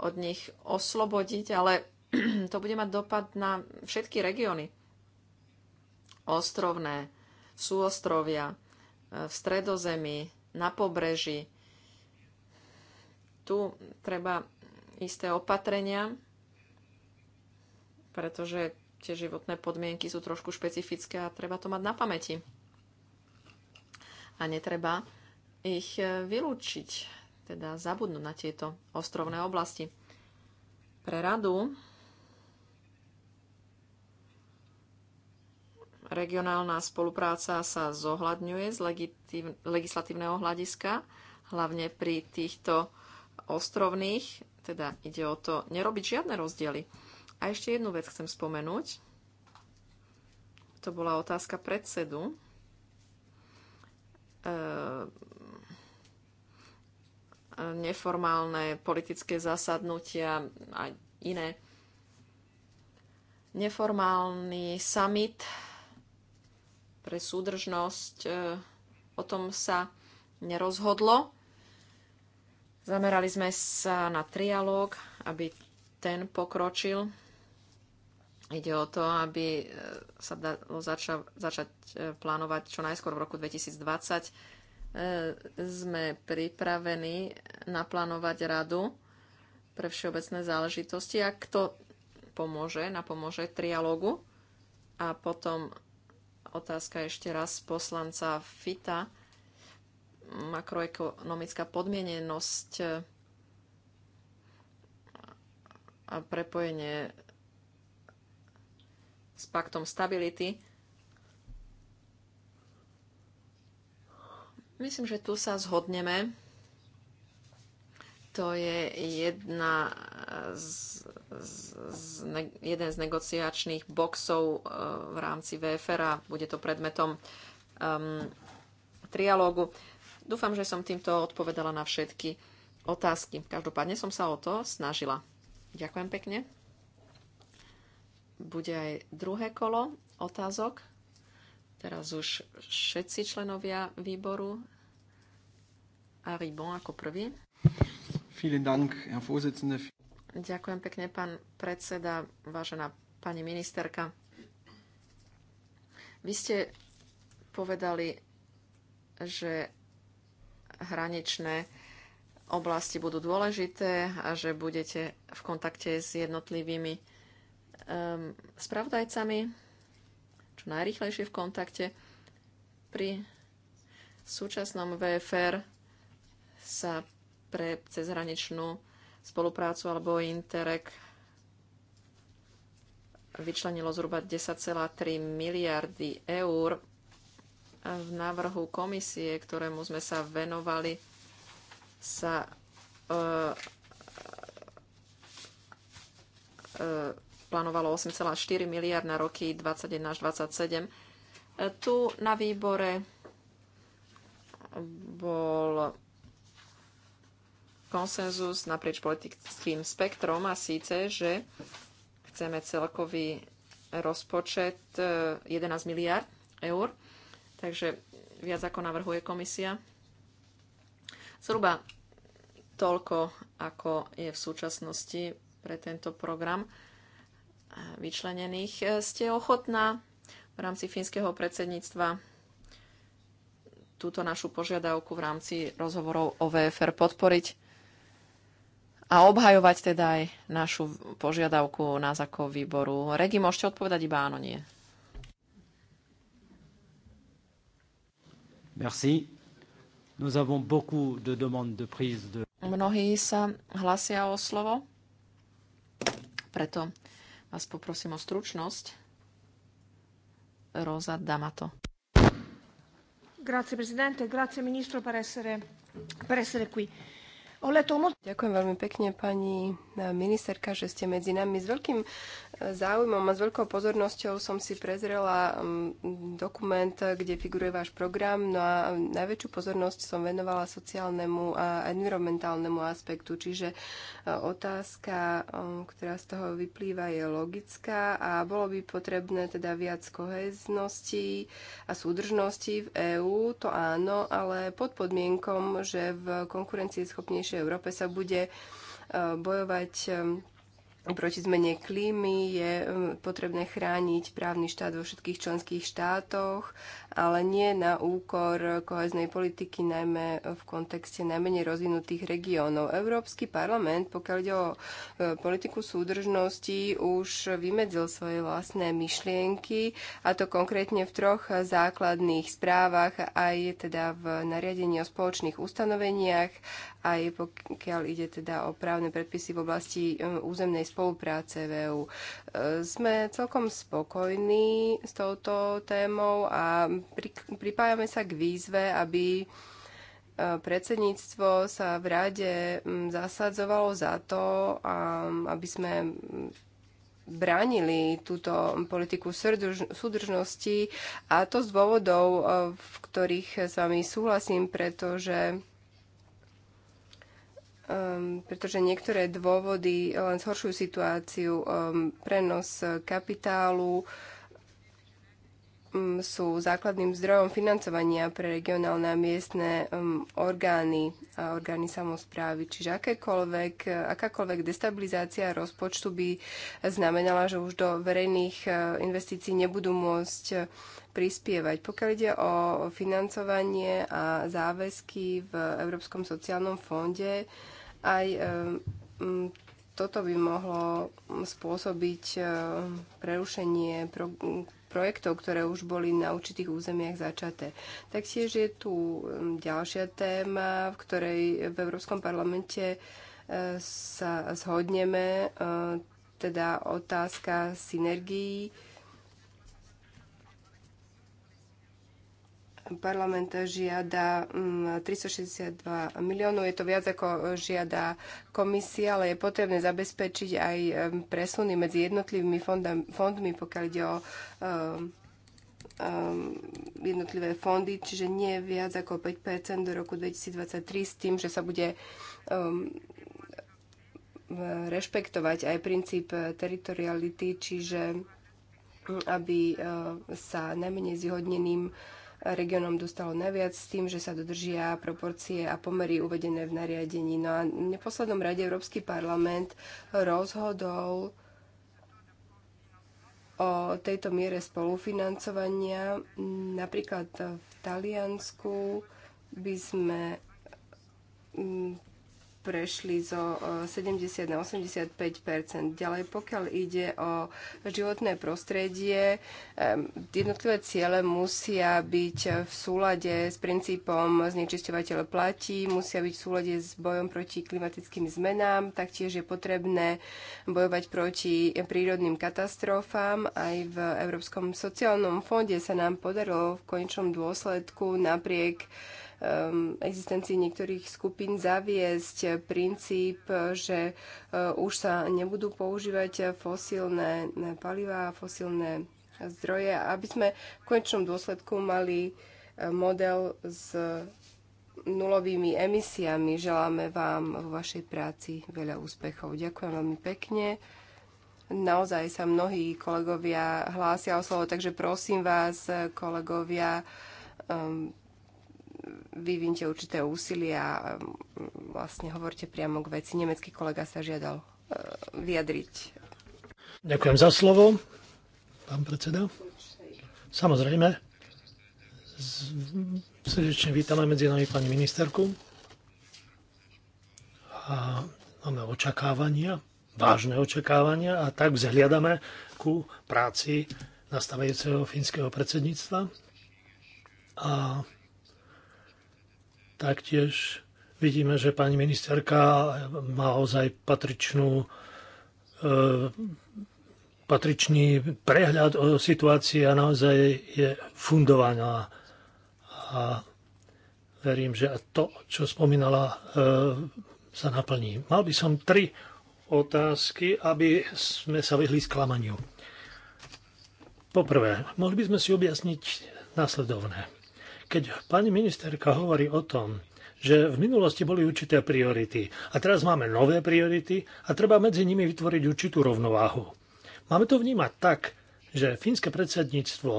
od nich oslobodiť, ale to bude mať dopad na všetky regióny. Ostrovné, súostrovia, e, v stredozemi, na pobreží. Tu treba isté opatrenia, pretože tie životné podmienky sú trošku špecifické a treba to mať na pamäti a netreba ich e, vylúčiť, teda zabudnúť na tieto ostrovné oblasti. Pre radu regionálna spolupráca sa zohľadňuje z legislatívneho hľadiska, hlavne pri týchto ostrovných, teda ide o to nerobiť žiadne rozdiely. A ešte jednu vec chcem spomenúť. To bola otázka predsedu. Ehm, neformálne politické zasadnutia a iné. Neformálny summit pre súdržnosť, e, o tom sa nerozhodlo. Zamerali sme sa na trialóg, aby ten pokročil Ide o to, aby e, sa dalo zača- začať e, plánovať čo najskôr v roku 2020. E, sme pripravení naplánovať radu pre všeobecné záležitosti. Ak to pomôže, napomôže trialógu. A potom otázka ešte raz poslanca Fita. Makroekonomická podmienenosť a prepojenie s paktom stability. Myslím, že tu sa zhodneme. To je jedna z, z, z, ne, jeden z negociačných boxov eh, v rámci VFR a bude to predmetom um, trialógu. Dúfam, že som týmto odpovedala na všetky otázky. Každopádne som sa o to snažila. Ďakujem pekne bude aj druhé kolo otázok. Teraz už všetci členovia výboru. A Ribon ako prvý. Dank, Herr Ďakujem pekne, pán predseda, vážená pani ministerka. Vy ste povedali, že hraničné oblasti budú dôležité a že budete v kontakte s jednotlivými um, spravodajcami čo najrychlejšie v kontakte. Pri súčasnom VFR sa pre cezhraničnú spoluprácu alebo Interreg vyčlenilo zhruba 10,3 miliardy eur v návrhu komisie, ktorému sme sa venovali, sa e, e plánovalo 8,4 miliard na roky 2021 až 2027. E, tu na výbore bol konsenzus naprieč politickým spektrom a síce, že chceme celkový rozpočet 11 e, miliard eur, takže viac ako navrhuje komisia. Zhruba toľko, ako je v súčasnosti pre tento program vyčlenených e, ste ochotná v rámci fínskeho predsedníctva túto našu požiadavku v rámci rozhovorov o VFR podporiť a obhajovať teda aj našu požiadavku nás ako výboru. Regi, môžete odpovedať iba áno, nie. Merci. Nous avons beaucoup de demandes de prise de... Mnohí sa hlasia o slovo, preto vás poprosím o stručnosť. Rosa D'Amato. Grazie Presidente, grazie Ministro per essere, per essere qui. Ďakujem veľmi pekne, pani eh, ministerka, že ste medzi nami. S veľkým záujmom a s veľkou pozornosťou som si prezrela mm, dokument, kde figuruje váš program, no a najväčšiu pozornosť som venovala sociálnemu a environmentálnemu aspektu, čiže e, otázka, e, ktorá z toho vyplýva, je logická a bolo by potrebné teda viac koheznosti a súdržnosti v EÚ, to áno, ale pod podmienkom, že v konkurencii schopnejšej Európe sa bude e, bojovať proti zmene klímy je um, potrebné chrániť právny štát vo všetkých členských štátoch, ale nie na úkor koheznej politiky, najmä v kontexte najmenej rozvinutých regiónov. Európsky parlament, pokiaľ ide o e, politiku súdržnosti, už vymedzil svoje vlastné myšlienky, a to konkrétne v troch základných správach, aj teda v nariadení o spoločných ustanoveniach aj pokiaľ ide teda o právne predpisy v oblasti e, územnej spolupráce v EU. E, sme celkom spokojní s touto témou a pripájame sa k výzve, aby e, predsedníctvo sa v rade zasadzovalo za to, aby sme bránili túto politiku súdržnosti a to z dôvodov, v ktorých s vami súhlasím, pretože um, pretože niektoré dôvody len zhoršujú situáciu. Um, prenos kapitálu um, sú základným zdrojom financovania pre regionálne a miestne um, orgány a orgány samozprávy. Čiže akékoľvek, akákoľvek destabilizácia rozpočtu by znamenala, že už do verejných uh, investícií nebudú môcť uh, prispievať. Pokiaľ ide o financovanie a záväzky v Európskom sociálnom fonde, aj e, toto by mohlo spôsobiť e, prerušenie projektov, ktoré už boli na určitých územiach začaté. Taktiež je tu ďalšia téma, v ktorej v Európskom parlamente e, sa zhodneme, teda otázka synergií parlament žiada 362 mm, miliónov. Je to viac ako žiada komisia, ale je potrebné zabezpečiť aj mm, presuny medzi jednotlivými fondmi, pokiaľ ide o ehm, ehm, jednotlivé fondy, čiže nie viac ako 5 do roku 2023 s tým, že sa bude ehm, rešpektovať aj princíp teritoriality, čiže mm, aby e, sa najmenej zvýhodneným uh, regionom dostalo najviac s tým, že sa dodržia proporcie a pomery uvedené v nariadení. No a v neposlednom rade Európsky parlament rozhodol o tejto miere spolufinancovania. Napríklad v Taliansku by sme mm, prešli zo 70 e, na 85 Ďalej, pokiaľ ide o životné prostredie, jednotlivé ciele musia byť v súlade s princípom znečisťovateľ platí, musia byť v súlade s bojom proti klimatickým zmenám, taktiež je potrebné bojovať proti prírodným katastrofám. Aj v Európskom sociálnom fonde sa nám podarilo v konečnom dôsledku napriek Um, existencii niektorých skupín zaviesť princíp, že uh, už sa nebudú používať fosílne palivá a fosílne zdroje, aby sme v konečnom dôsledku mali uh, model s nulovými emisiami. Želáme vám vo vašej práci veľa úspechov. Ďakujem veľmi pekne. Naozaj sa mnohí kolegovia hlásia o slovo, takže prosím vás, kolegovia, um, vyvinte určité úsilie a mm, vlastne hovorte priamo k veci. Nemecký kolega sa žiadal e, vyjadriť. Ďakujem za slovo, pán predseda. Samozrejme, srdečne vítame medzi nami pani ministerku a máme očakávania, vážne očakávania a tak vzhliadame ku práci nastavajúceho fínskeho predsedníctva. A Taktiež vidíme, že pani ministerka má ozaj patričnú, e, patričný prehľad o situácii a naozaj je fundovaná. A verím, že to, čo spomínala, e, sa naplní. Mal by som tri otázky, aby sme sa vyhli sklamaniu. Poprvé, mohli by sme si objasniť následovné. Keď pani ministerka hovorí o tom, že v minulosti boli určité priority a teraz máme nové priority a treba medzi nimi vytvoriť určitú rovnováhu. Máme to vnímať tak, že fínske predsedníctvo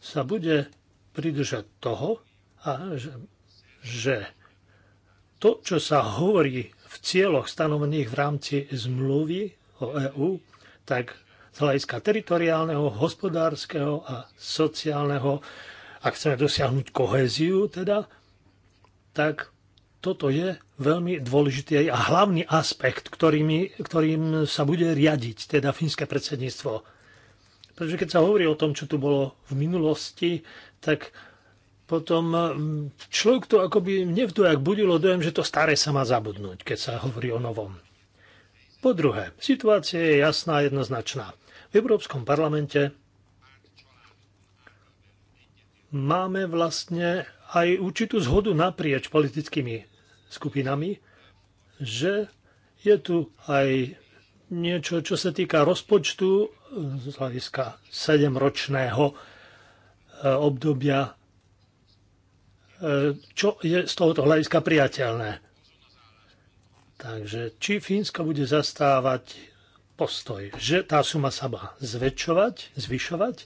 sa bude pridržať toho, a že, že to, čo sa hovorí v cieľoch stanovených v rámci zmluvy o EÚ, tak z hľadiska teritoriálneho, hospodárskeho a sociálneho ak chceme dosiahnuť kohéziu teda, tak toto je veľmi dôležitý a hlavný aspekt, ktorými, ktorým sa bude riadiť teda fínske predsedníctvo. Pretože keď sa hovorí o tom, čo tu bolo v minulosti, tak potom mm, človek to akoby ak budilo dojem, že to staré sa má zabudnúť, keď sa hovorí o novom. Po druhé, situácia je jasná a jednoznačná. V Európskom parlamente máme vlastne aj určitú zhodu naprieč politickými skupinami, že je tu aj niečo, čo sa týka rozpočtu z hľadiska 7-ročného eh, obdobia, eh, čo je z tohoto hľadiska priateľné. Takže či Fínsko bude zastávať postoj, že tá suma sa má zväčšovať, zvyšovať,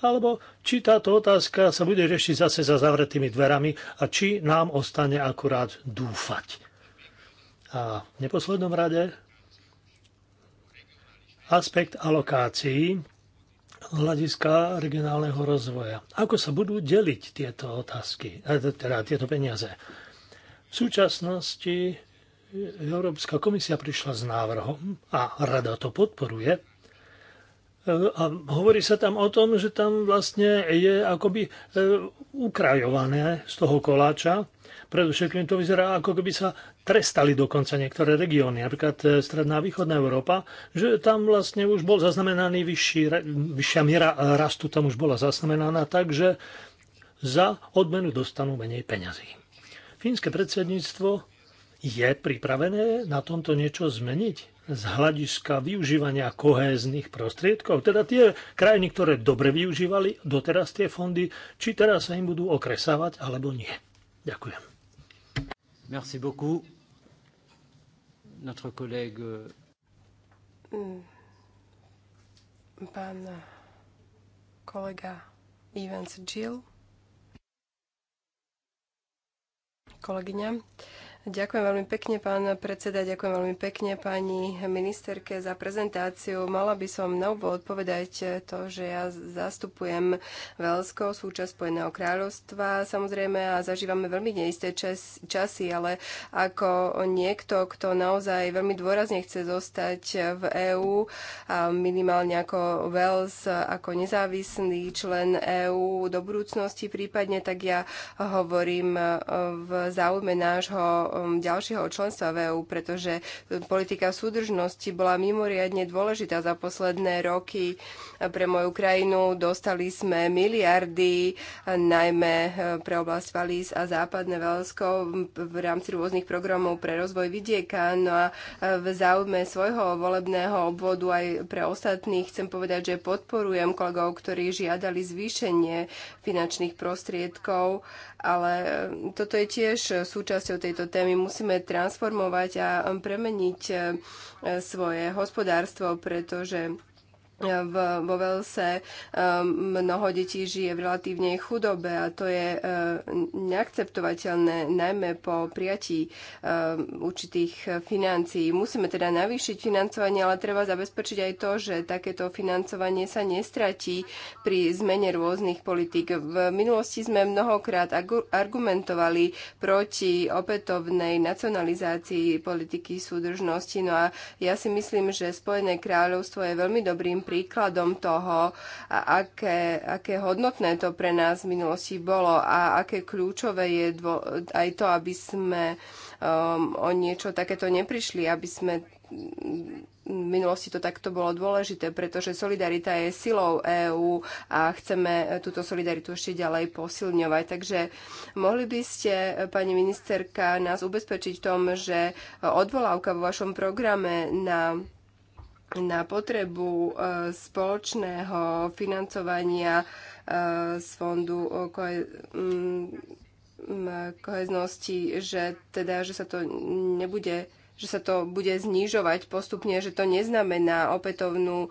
alebo či táto otázka sa bude riešiť zase za zavretými dverami a či nám ostane akurát dúfať. A v neposlednom rade aspekt alokácií hľadiska regionálneho rozvoja. Ako sa budú deliť tieto otázky, e, teda tieto peniaze? V súčasnosti Európska komisia prišla s návrhom a rada to podporuje, E, a hovorí sa tam o tom, že tam vlastne je akoby e, ukrajované z toho koláča. Predovšetkým to vyzerá, ako keby sa trestali dokonca niektoré regióny, napríklad e, Stredná a Východná Európa, že tam vlastne už bol zaznamenaný vyšší, vyššia miera rastu, tam už bola zaznamenaná, takže za odmenu dostanú menej peňazí. Fínske predsedníctvo je pripravené na tomto niečo zmeniť? z hľadiska využívania kohéznych prostriedkov, teda tie krajiny, ktoré dobre využívali doteraz tie fondy, či teraz sa im budú okresávať alebo nie. Ďakujem. Merci beaucoup. Notre collègue... Mm. Pán kolega Evans Gill. kolegyňa. Ďakujem veľmi pekne, pán predseda, ďakujem veľmi pekne pani ministerke za prezentáciu. Mala by som na úvod povedať to, že ja zastupujem Velsko, súčasť Spojeného kráľovstva, samozrejme, a zažívame veľmi neisté čas, časy, ale ako niekto, kto naozaj veľmi dôrazne chce zostať v EÚ a minimálne ako Vels, ako nezávislý člen EÚ do budúcnosti prípadne, tak ja hovorím v záujme nášho Um, ďalšieho členstva v EÚ, pretože um, politika súdržnosti bola mimoriadne dôležitá za posledné roky pre moju krajinu. Dostali sme miliardy, najmä um, pre oblast Valís a Západné Velsko v rámci rôznych programov pre rozvoj vidieka. No a v záujme svojho volebného obvodu aj pre ostatných chcem povedať, že podporujem kolegov, ktorí žiadali zvýšenie finančných prostriedkov, ale toto je tiež súčasťou tejto témy my musíme transformovať a premeniť e, e, svoje hospodárstvo, pretože E, v, vo Velse e, mnoho detí žije v relatívnej chudobe a to je e, neakceptovateľné najmä po prijatí určitých financií. Musíme teda navýšiť financovanie, ale treba zabezpečiť aj to, že takéto financovanie sa nestratí pri zmene rôznych politik. V minulosti sme mnohokrát argumentovali proti opätovnej nacionalizácii politiky súdržnosti, no a ja si myslím, že Spojené kráľovstvo je veľmi dobrým príkladom toho, aké, aké hodnotné to pre nás v minulosti bolo a aké kľúčové je dvo, aj to, aby sme um, o niečo takéto neprišli, aby sme mm, v minulosti to takto bolo dôležité, pretože solidarita je silou EÚ a chceme e, túto solidaritu ešte ďalej posilňovať. Takže mohli by ste, e, pani ministerka, nás ubezpečiť v tom, že e, odvolávka vo vašom programe na na potrebu eh, spoločného financovania eh, z fondu eh, mm, mm, koheznosti, že teda, že sa to nebude že sa to bude znižovať postupne, že to neznamená opätovnú e,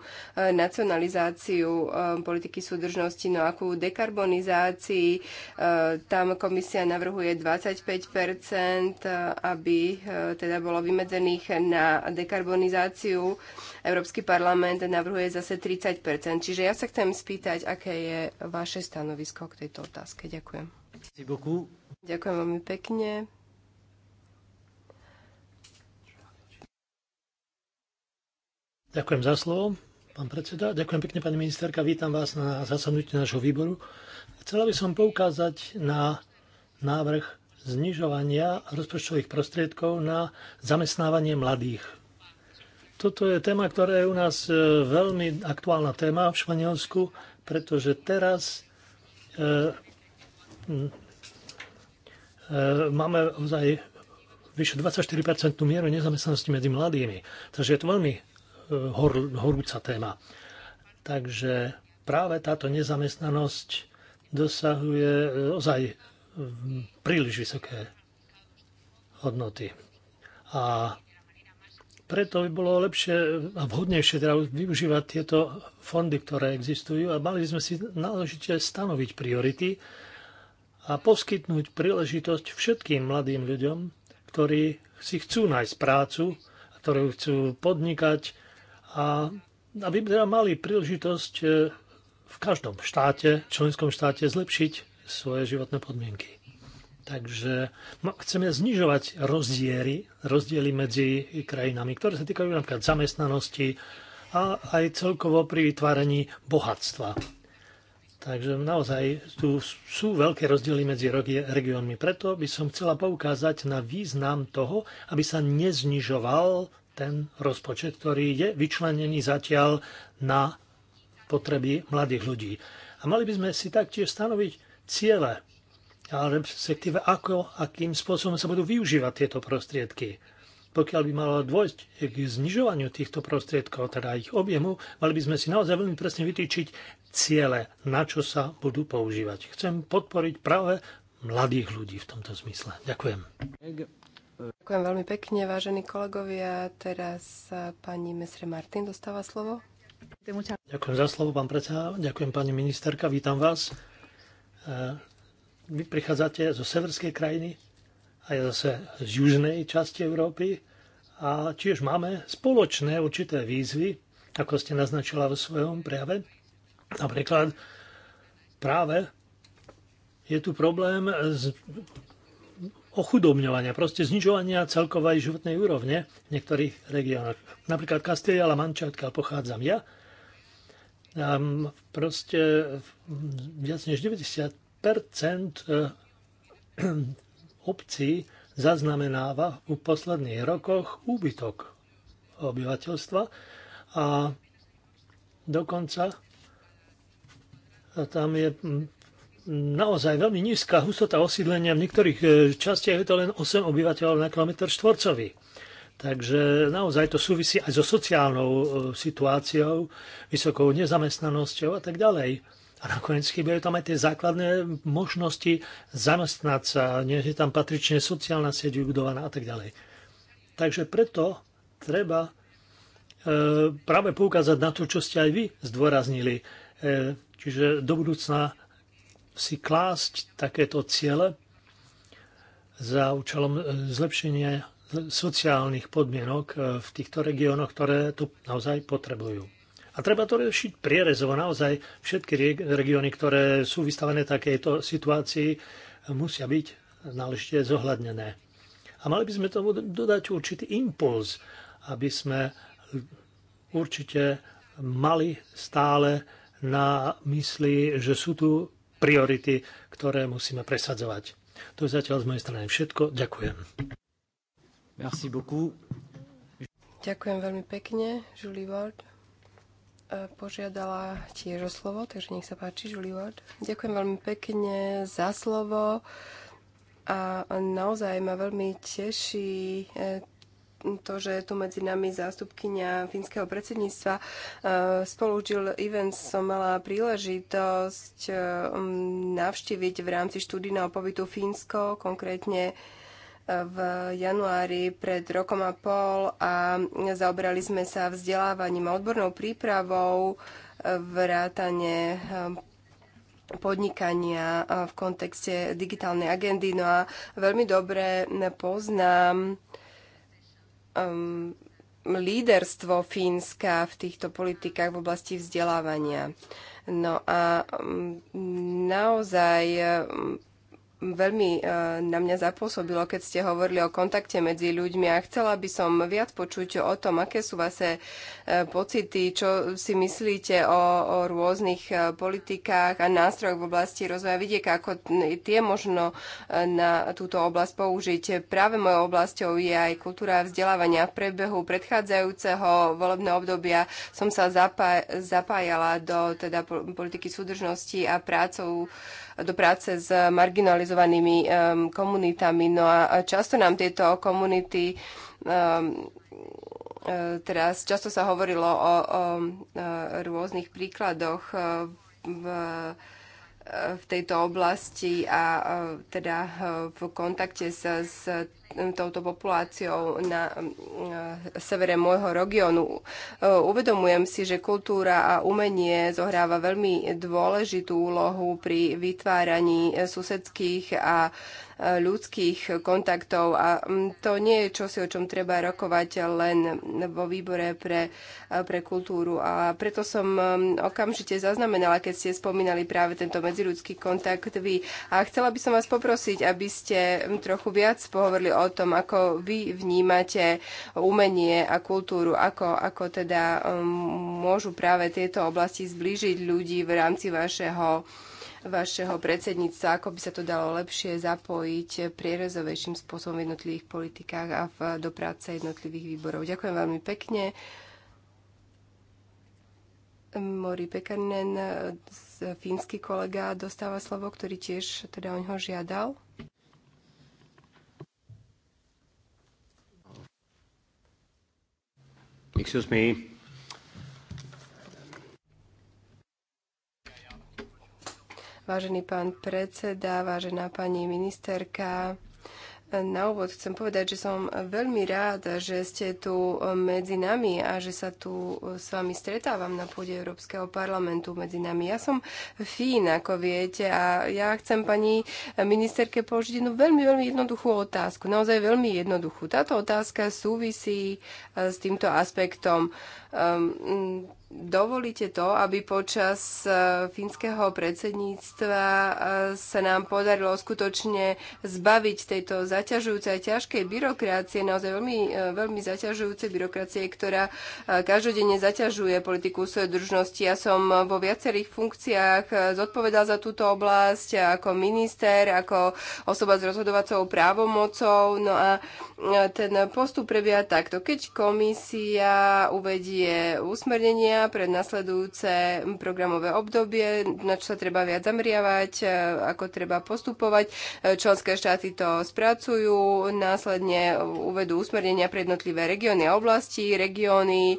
nacionalizáciu e, politiky súdržnosti, no akú dekarbonizácii. E, tam komisia navrhuje 25 aby teda bolo vymedzených na dekarbonizáciu. Európsky parlament navrhuje zase 30 Čiže ja sa chcem spýtať, aké je vaše stanovisko k tejto otázke. Ďakujem. Ďakujem veľmi pekne. Ďakujem za slovo, pán predseda. Ďakujem pekne, pani ministerka. Vítam vás na zasadnutí nášho výboru. Chcela by som poukázať na návrh znižovania rozpočtových prostriedkov na zamestnávanie mladých. Toto je téma, ktorá je u nás e, veľmi aktuálna téma v Španielsku, pretože teraz e, e, máme ozaj vyše 24% mieru nezamestnanosti medzi mladými. Takže je to veľmi hor, horúca téma. Takže práve táto nezamestnanosť dosahuje eh, ozaj mm, príliš vysoké hodnoty. A preto by bolo lepšie a vhodnejšie teda využívať tieto fondy, ktoré existujú a mali by sme si náležite stanoviť priority a poskytnúť príležitosť všetkým mladým ľuďom, ktorí si chcú nájsť prácu, ktorú chcú podnikať, a aby teda mali príležitosť e, v každom štáte, členskom štáte zlepšiť svoje životné podmienky. Takže chceme znižovať rozdiely, rozdiely medzi krajinami, ktoré sa týkajú napríklad zamestnanosti a aj celkovo pri vytváraní bohatstva. Takže naozaj tu sú veľké rozdiely medzi regiónmi. Preto by som chcela poukázať na význam toho, aby sa neznižoval ten rozpočet, ktorý je vyčlenený zatiaľ na potreby mladých ľudí. A mali by sme si taktiež stanoviť ciele, ale respektíve ako, akým spôsobom sa budú využívať tieto prostriedky. Pokiaľ by malo dôjsť k znižovaniu týchto prostriedkov, teda ich objemu, mali by sme si naozaj veľmi presne vytýčiť ciele, na čo sa budú používať. Chcem podporiť práve mladých ľudí v tomto zmysle. Ďakujem. Ďakujem veľmi pekne, vážení kolegovia. Teraz pani Mesre Martin dostáva slovo. Ďakujem za slovo, pán predseda. Ďakujem, pani ministerka. Vítam vás. E, vy prichádzate zo severskej krajiny a ja zase z južnej časti Európy. A tiež máme spoločné určité výzvy, ako ste naznačila vo svojom prejave. Napríklad práve je tu problém s ochudobňovania, proste znižovania celkovej životnej úrovne v niektorých regiónoch. Napríklad Castilla la Mancha, odkiaľ pochádzam ja, proste viac než 90 eh, obcí zaznamenáva v posledných rokoch úbytok obyvateľstva a dokonca tam je naozaj veľmi nízka hustota osídlenia. V niektorých e, častiach je to len 8 obyvateľov na kilometr štvorcový. Takže naozaj to súvisí aj so sociálnou e, situáciou, vysokou nezamestnanosťou a tak ďalej. A nakoniec chýbajú tam aj tie základné možnosti zamestnať sa, nie je tam patrične sociálna sieť vybudovaná a tak ďalej. Takže preto treba e, práve poukázať na to, čo ste aj vy zdôraznili. Čiže do budúcna si klásť takéto ciele za účelom e, zlepšenia e, sociálnych podmienok e, v týchto regiónoch, ktoré to naozaj potrebujú. A treba to riešiť prierezovo. Naozaj všetky regióny, ktoré sú vystavené takejto situácii, musia byť náležite zohľadnené. A mali by sme tomu dodať určitý impuls, aby sme určite mali stále na mysli, že sú tu priority, ktoré musíme presadzovať. To je zatiaľ z mojej strany všetko. Ďakujem. Merci beaucoup. Ďakujem veľmi pekne, Julie Ward. E, požiadala tiež o slovo, takže nech sa páči, Julie Ward. Ďakujem veľmi pekne za slovo. A naozaj ma veľmi teší e, to, že je tu medzi nami zástupkynia fínskeho predsedníctva. E, spolu Jill Evans som mala príležitosť e, navštíviť v rámci štúdijného pobytu Fínsko, konkrétne e, v januári pred rokom a pol a zaoberali sme sa vzdelávaním a odbornou prípravou vrátane podnikania v kontexte digitálnej agendy. No a veľmi dobre poznám um, líderstvo Fínska v týchto politikách v oblasti vzdelávania. No a um, naozaj um, veľmi e, na mňa zapôsobilo, keď ste hovorili o kontakte medzi ľuďmi a chcela by som viac počuť o tom, aké sú vaše e, pocity, čo si myslíte o, o rôznych e, politikách a nástrojoch v oblasti rozvoja vidieka, ako tie možno na túto oblasť použiť. Práve mojou oblasťou je aj kultúra vzdelávania. V prebehu predchádzajúceho volebného obdobia som sa zapájala do teda politiky súdržnosti a prácou do práce s marginalizovanými um, komunitami. No a často nám tieto komunity um, teraz často sa hovorilo o, o, o e, rôznych príkladoch e, v, v tejto oblasti a teda v kontakte sa s touto populáciou na e, severe môjho regiónu. E, uvedomujem si, že kultúra a umenie zohráva veľmi dôležitú úlohu pri vytváraní e, susedských a ľudských kontaktov a mm, to nie je čosi, o čom treba rokovať len vo výbore pre, eh, pre kultúru. A preto som mm, okamžite zaznamenala, keď ste spomínali práve tento medziľudský kontakt vy. A chcela by som vás poprosiť, aby ste mm, trochu viac pohovorili o tom, ako vy vnímate umenie a kultúru, ako, ako teda môžu práve tieto oblasti zblížiť ľudí v rámci vašeho vašeho predsedníctva, ako by sa to dalo lepšie zapojiť prierezovejším spôsobom v jednotlivých politikách a v, do práce jednotlivých výborov. Ďakujem veľmi pekne. Mori Pekanen, eh, fínsky kolega, dostáva slovo, ktorý tiež teda o ňoho žiadal. Excuse me. Vážený pán predseda, vážená pani ministerka, na úvod chcem povedať, že som veľmi rád, že ste tu medzi nami a že sa tu s vami stretávam na pôde Európskeho parlamentu medzi nami. Ja som Fín, ako viete, a ja chcem pani ministerke položiť jednu veľmi, veľmi jednoduchú otázku, naozaj veľmi jednoduchú. Táto otázka súvisí eh, s týmto aspektom. Um, dovolíte to, aby počas e, fínskeho predsedníctva e, sa nám podarilo skutočne zbaviť tejto zaťažujúcej a ťažkej byrokracie, naozaj veľmi, e, veľmi zaťažujúcej byrokracie, ktorá každodenne zaťažuje politiku súdržnosti. Ja som vo viacerých funkciách zodpovedal za túto oblasť ako minister, ako osoba s rozhodovacou právomocou. No a ten postup prebieha takto. Keď komisia uvedie usmernenia, pred pre nasledujúce programové obdobie, na čo sa treba viac zameriavať, e, ako treba postupovať. E, členské štáty to spracujú, následne uvedú usmernenia pre jednotlivé regióny a oblasti. Regióny e,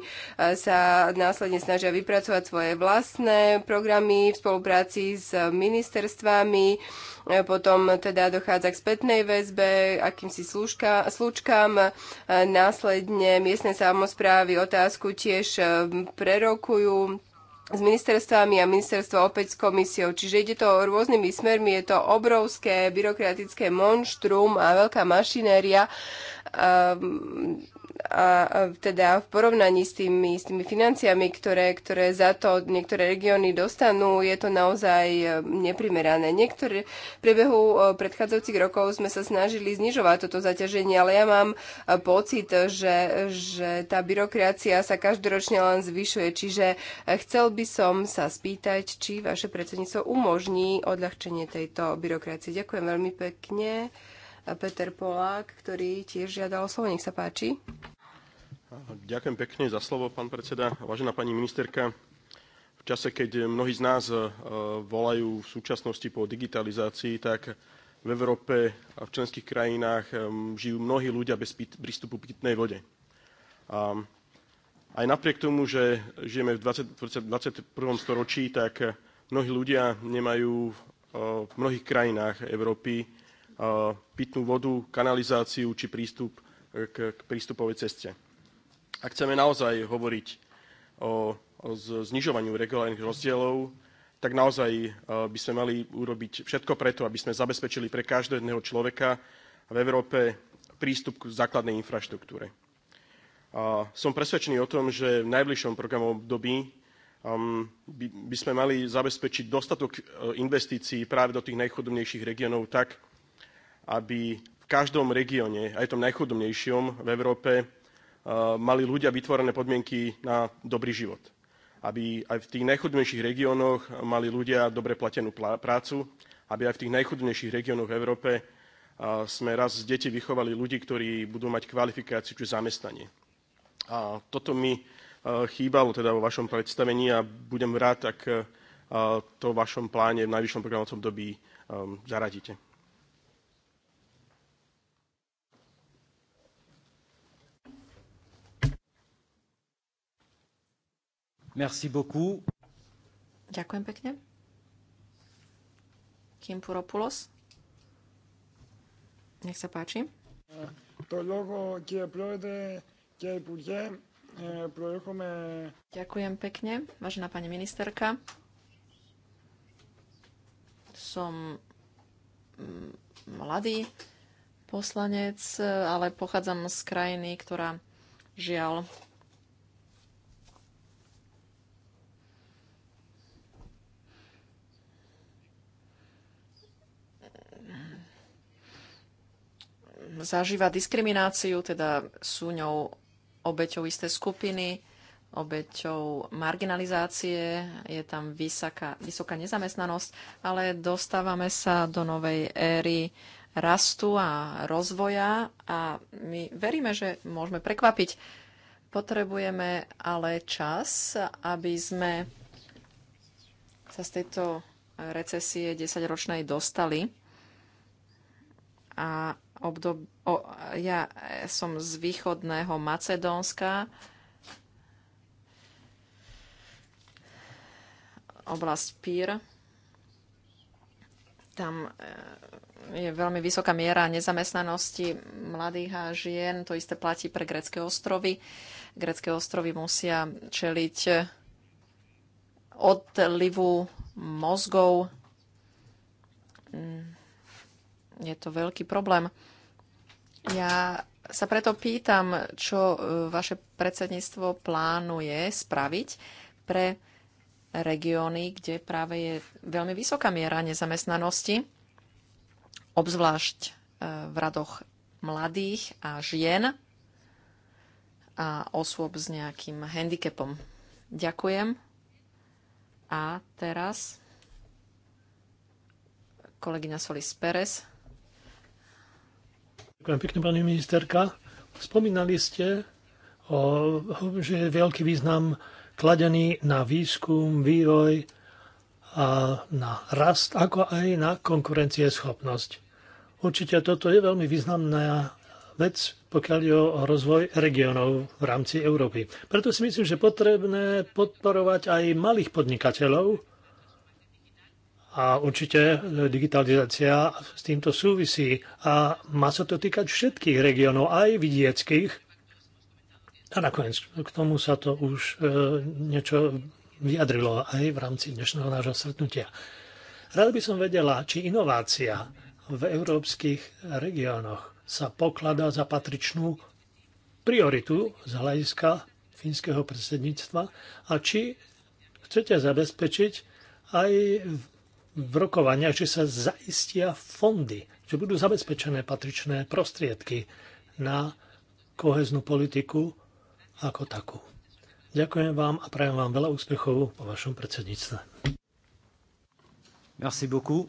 sa následne snažia vypracovať svoje vlastné programy v spolupráci s ministerstvami potom teda dochádza k spätnej väzbe, akýmsi slúžka, následne miestne samozprávy otázku tiež prerobujú rokujú s ministerstvami a ministerstvo opäť s komisiou. Čiže ide to rôznymi smermi, je to obrovské byrokratické monštrum a veľká mašinéria. Um, a teda v porovnaní s tými, s tými financiami, ktoré, ktoré za to niektoré regióny dostanú, je to naozaj e, neprimerané. Niektoré v priebehu e, predchádzajúcich rokov sme sa snažili znižovať toto zaťaženie, ale ja mám e, pocit, že, že tá byrokracia sa každoročne len zvyšuje. Čiže chcel by som sa spýtať, či vaše predsedníctvo umožní odľahčenie tejto byrokracie. Ďakujem veľmi pekne. Peter Polák, ktorý tiež žiadal slovo. Nech sa páči. Ďakujem pekne za slovo, pán predseda. Vážená pani ministerka, v čase, keď mnohí z nás eh, volajú v súčasnosti po digitalizácii, tak v Európe a v členských krajinách eh, žijú mnohí ľudia bez prístupu k pitnej vode. A aj napriek tomu, že žijeme v 20, 21. storočí, tak mnohí ľudia nemajú eh, v mnohých krajinách Európy pitnú vodu, kanalizáciu či prístup e, k, k prístupovej ceste. Ak chceme naozaj hovoriť o, o znižovaniu regulárnych rozdielov, tak naozaj e, by sme mali urobiť všetko preto, aby sme zabezpečili pre každého jedného človeka v Európe prístup k základnej infraštruktúre. som presvedčený o tom, že v najbližšom programovom období um, by, sme mali zabezpečiť dostatok e, investícií práve do tých najchudobnejších regiónov tak, aby v každom regióne, aj tom najchudobnejšom v Európe, eh, mali ľudia vytvorené podmienky na dobrý život. Aby aj v tých najchudobnejších regiónoch mali ľudia dobre platenú prácu, aby aj v tých najchudobnejších regiónoch v Európe eh, sme raz z deti vychovali ľudí, ktorí budú mať kvalifikáciu či zamestnanie. A toto mi eh, chýbalo teda vo vašom predstavení a budem rád, ak to v vašom pláne v najvyššom programovacom dobí zaradíte. Merci beaucoup. Ďakujem pekne. Kim Puropoulos. Nech sa páči. To logo, e, Ďakujem pekne, vážená pani ministerka. Som mm, mladý poslanec, e, ale pochádzam z krajiny, ktorá žiaľ zažíva diskrimináciu, teda sú ňou obeťou isté skupiny, obeťou marginalizácie, je tam vysoká, vysoká nezamestnanosť, ale dostávame sa do novej éry rastu a rozvoja a my veríme, že môžeme prekvapiť. Potrebujeme ale čas, aby sme sa z tejto recesie 10-ročnej dostali a obdob... O, ja som z východného Macedónska. Oblasť Pír. Tam e, je veľmi vysoká miera nezamestnanosti mladých a žien. To isté platí pre grecké ostrovy. Grecké ostrovy musia čeliť odlivu mozgov mm je to veľký problém. Ja sa preto pýtam, čo e, vaše predsedníctvo plánuje spraviť pre regióny, kde práve je veľmi vysoká miera nezamestnanosti, obzvlášť e, v radoch mladých a žien a osôb s nejakým handicapom. Ďakujem. A teraz kolegyňa Solis Perez. Ďakujem pekne, pani ministerka. Spomínali ste, o, že je veľký význam kladený na výskum, vývoj a na rast, ako aj na konkurencieschopnosť. Určite toto je veľmi významná vec, pokiaľ je o rozvoj regiónov v rámci Európy. Preto si myslím, že potrebné podporovať aj malých podnikateľov, a určite e, digitalizácia s týmto súvisí a má sa to týkať všetkých regiónov, aj vidieckých. A nakoniec k tomu sa to už e, niečo vyjadrilo aj v rámci dnešného nášho stretnutia. Rád by som vedela, či inovácia v európskych regiónoch sa pokladá za patričnú prioritu z hľadiska fínskeho predsedníctva a či chcete zabezpečiť aj v v rokovaniach, či sa zaistia fondy, že budú zabezpečené patričné prostriedky na koheznú politiku ako takú. Ďakujem vám a prajem vám veľa úspechov po vašom predsedníctve. Merci beaucoup.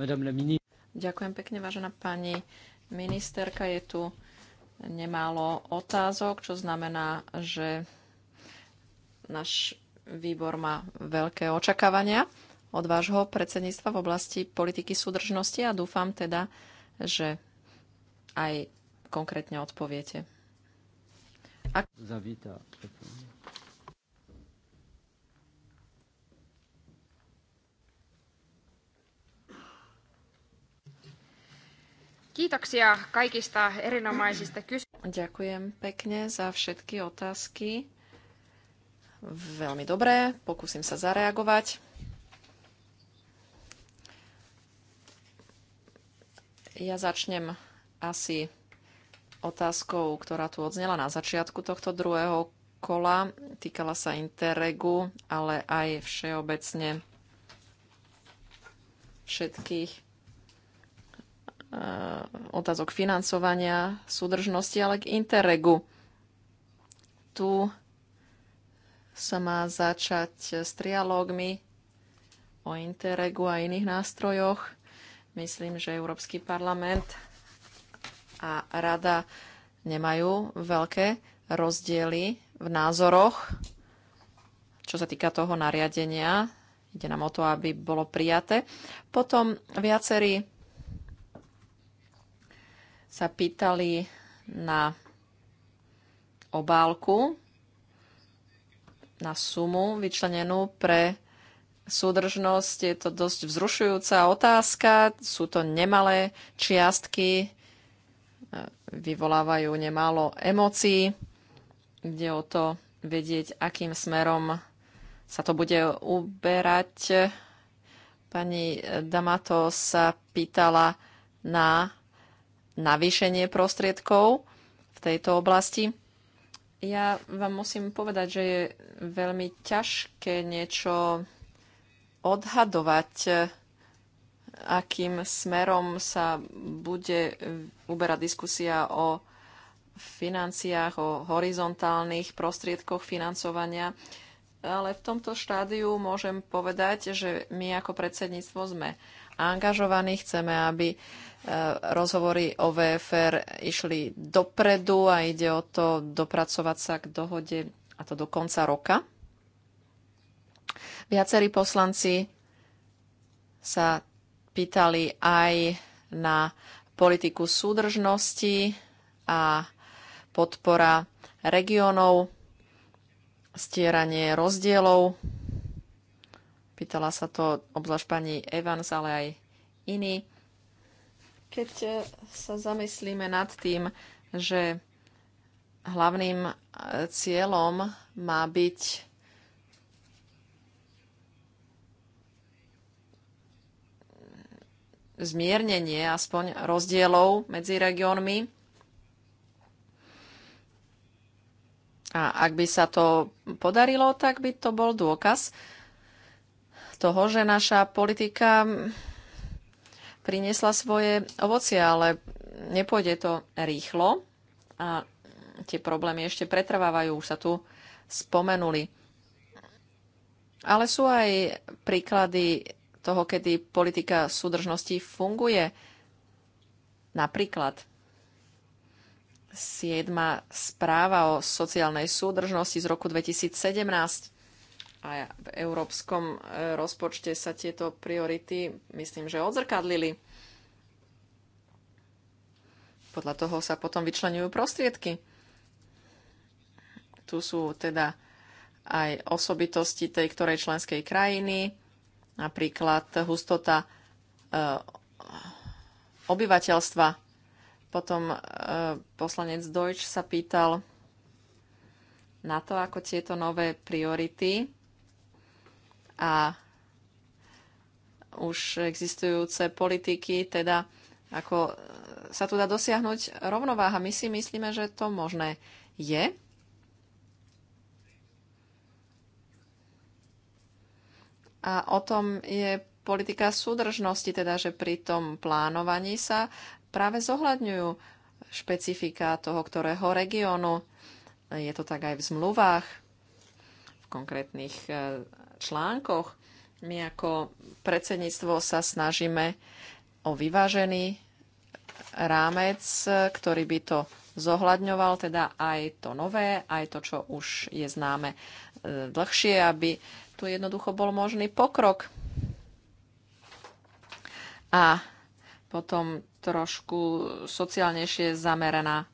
Madame la mini... Ďakujem pekne, vážená pani ministerka. Je tu nemálo otázok, čo znamená, že náš výbor má veľké očakávania od vášho predsedníctva v oblasti politiky súdržnosti a dúfam teda, že aj konkrétne odpoviete. Ak... Zavíta. Kiitoksia kaikista erinomaisista kysymyksistä. Ďakujem pekne za všetky otázky. Veľmi dobré, pokúsim sa zareagovať. Ja začnem asi otázkou, ktorá tu odznela na začiatku tohto druhého kola. Týkala sa Interregu, ale aj všeobecne všetkých eh, otázok financovania, súdržnosti, ale k Interregu. Tu sa má začať s trialógmi o Interregu a iných nástrojoch Myslím, že Európsky parlament a rada nemajú veľké rozdiely v názoroch, čo sa týka toho nariadenia. Ide nám o to, aby bolo prijaté. Potom viacerí sa pýtali na obálku, na sumu vyčlenenú pre súdržnosť. Je to dosť vzrušujúca otázka. Sú to nemalé čiastky, e, vyvolávajú nemálo emócií. Ide o to vedieť, akým smerom sa to bude uberať. Pani Damato sa pýtala na navýšenie prostriedkov v tejto oblasti. Ja vám musím povedať, že je veľmi ťažké niečo odhadovať, e, akým smerom sa bude uberať diskusia o financiách, o horizontálnych prostriedkoch financovania. Ale v tomto štádiu môžem povedať, že my ako predsedníctvo sme angažovaní, chceme, aby e, rozhovory o VFR išli dopredu a ide o to dopracovať sa k dohode a to do konca roka. Viacerí poslanci sa pýtali aj na politiku súdržnosti a podpora regiónov, stieranie rozdielov. Pýtala sa to obzvlášť pani Evans, ale aj iní. Keď sa zamyslíme nad tým, že hlavným cieľom má byť zmiernenie aspoň rozdielov medzi regiónmi. A ak by sa to podarilo, tak by to bol dôkaz toho, že naša politika priniesla svoje ovocie, ale nepôjde to rýchlo a tie problémy ešte pretrvávajú, už sa tu spomenuli. Ale sú aj príklady toho, kedy politika súdržnosti funguje. Napríklad siedma správa o sociálnej súdržnosti z roku 2017 a v európskom e, rozpočte sa tieto priority, myslím, že odzrkadlili. Podľa toho sa potom vyčlenujú prostriedky. Tu sú teda aj osobitosti tej ktorej členskej krajiny, napríklad hustota e, obyvateľstva. Potom e, poslanec Deutsch sa pýtal na to, ako tieto nové priority a už existujúce politiky, teda ako sa tu dá dosiahnuť rovnováha. My si myslíme, že to možné je. A o tom je politika súdržnosti, teda že pri tom plánovaní sa práve zohľadňujú špecifika toho, ktorého regiónu. Je to tak aj v zmluvách, v konkrétnych e, článkoch. My ako predsedníctvo sa snažíme o vyvážený rámec, ktorý by to zohľadňoval, teda aj to nové, aj to, čo už je známe e, dlhšie, aby tu jednoducho bol možný pokrok. A potom trošku sociálnejšie zameraná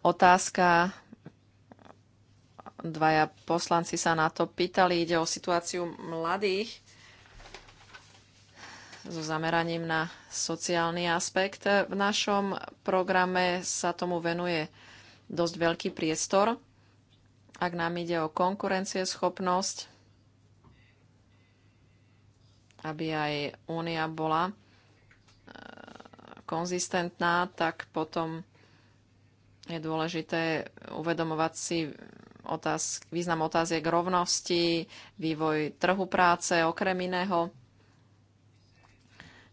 otázka. Dvaja poslanci sa na to pýtali. Ide o situáciu mladých so zameraním na sociálny aspekt. V našom programe sa tomu venuje dosť veľký priestor. Ak nám ide o konkurencieschopnosť, aby aj únia bola eh, konzistentná, tak potom je dôležité uvedomovať si otázk, význam otáziek rovnosti, vývoj trhu práce, okrem iného.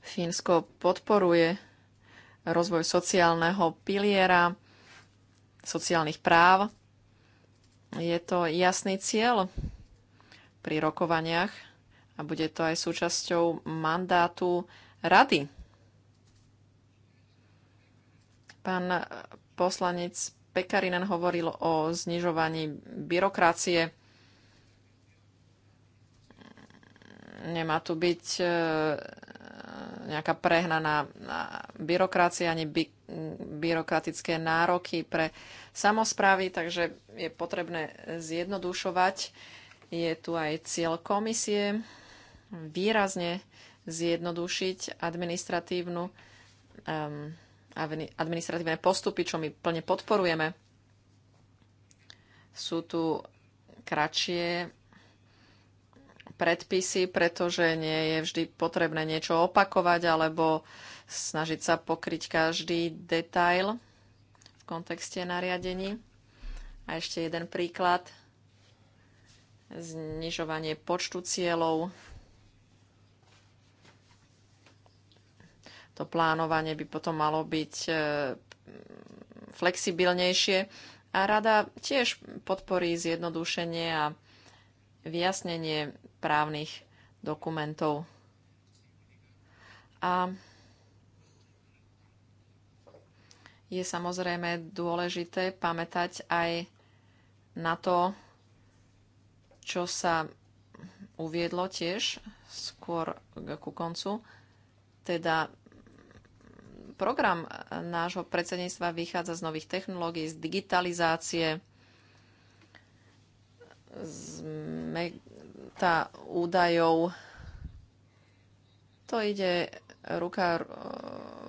Fínsko podporuje rozvoj sociálneho piliera, sociálnych práv. Je to jasný cieľ pri rokovaniach a bude to aj súčasťou mandátu rady. Pán poslanec Pekarinen hovoril o znižovaní byrokracie. Nemá tu byť e, nejaká prehnaná byrokracia ani by, byrokratické nároky pre samozprávy, takže je potrebné zjednodušovať. Je tu aj cieľ komisie výrazne zjednodušiť administratívnu um, administratívne postupy, čo my plne podporujeme. Sú tu kratšie predpisy, pretože nie je vždy potrebné niečo opakovať alebo snažiť sa pokryť každý detail v kontexte nariadení. A ešte jeden príklad. Znižovanie počtu cieľov to plánovanie by potom malo byť e, flexibilnejšie. A rada tiež podporí zjednodušenie a vyjasnenie právnych dokumentov. A je samozrejme dôležité pamätať aj na to, čo sa uviedlo tiež skôr ku koncu, teda program nášho predsedníctva vychádza z nových technológií, z digitalizácie. Tá údajov. To ide ruka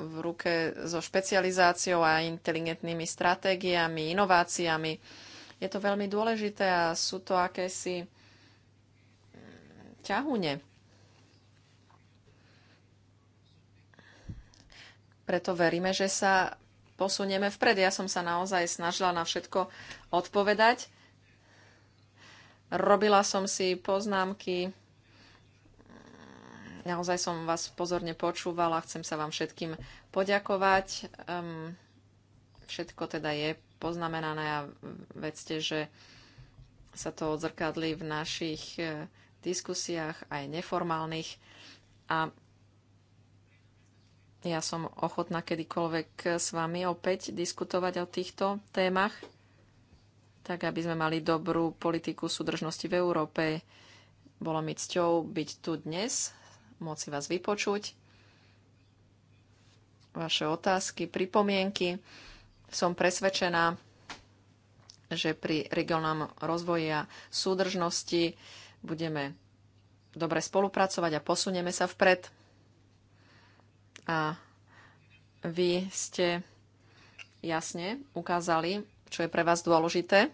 v ruke so špecializáciou a inteligentnými stratégiami, inováciami. Je to veľmi dôležité a sú to akési ťahune Preto veríme, že sa posunieme vpred. Ja som sa naozaj snažila na všetko odpovedať. Robila som si poznámky. Naozaj som vás pozorne počúvala. Chcem sa vám všetkým poďakovať. Ehm, všetko teda je poznamenané a vedzte, že sa to odzrkadli v našich eh, diskusiách, aj neformálnych. A ja som ochotná kedykoľvek s vami opäť diskutovať o týchto témach, tak aby sme mali dobrú politiku súdržnosti v Európe. Bolo mi cťou byť tu dnes, moci vás vypočuť, vaše otázky, pripomienky. Som presvedčená, že pri regionálnom rozvoji a súdržnosti budeme dobre spolupracovať a posunieme sa vpred. A vy ste jasne ukázali, čo je pre vás dôležité.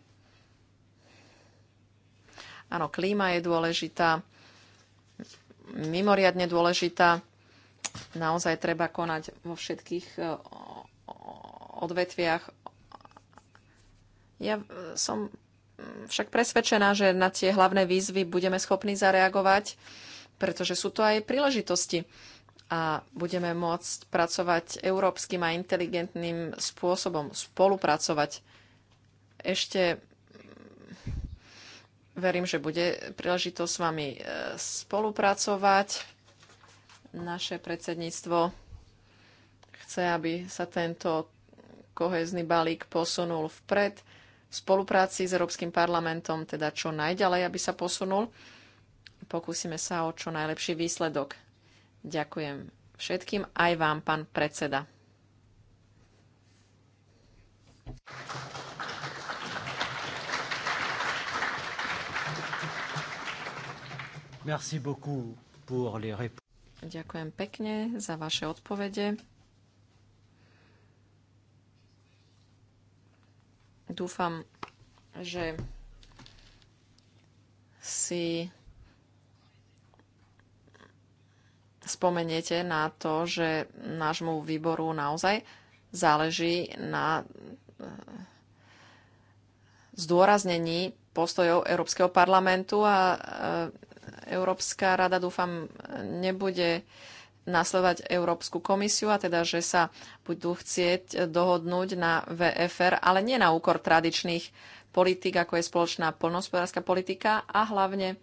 Áno, klíma je dôležitá, mimoriadne dôležitá. Naozaj treba konať vo všetkých e, odvetviach. Ja e, som však presvedčená, že na tie hlavné výzvy budeme schopní zareagovať, pretože sú to aj príležitosti a budeme môcť pracovať európskym a inteligentným spôsobom, spolupracovať. Ešte mm, verím, že bude príležitosť s vami e, spolupracovať. Naše predsedníctvo chce, aby sa tento kohezný balík posunul vpred v spolupráci s Európskym parlamentom, teda čo najďalej, aby sa posunul. Pokúsime sa o čo najlepší výsledok. Ďakujem všetkým, aj vám, pán predseda. Merci beaucoup pour les réponses. Ďakujem pekne za vaše odpovede. Dúfam, že si spomeniete na to, že nášmu výboru naozaj záleží na eh, zdôraznení postojov Európskeho parlamentu a eh, Európska rada, dúfam, nebude nasledovať Európsku komisiu a teda, že sa budú chcieť dohodnúť na VFR, ale nie na úkor tradičných politik, ako je spoločná poľnohospodárska politika a hlavne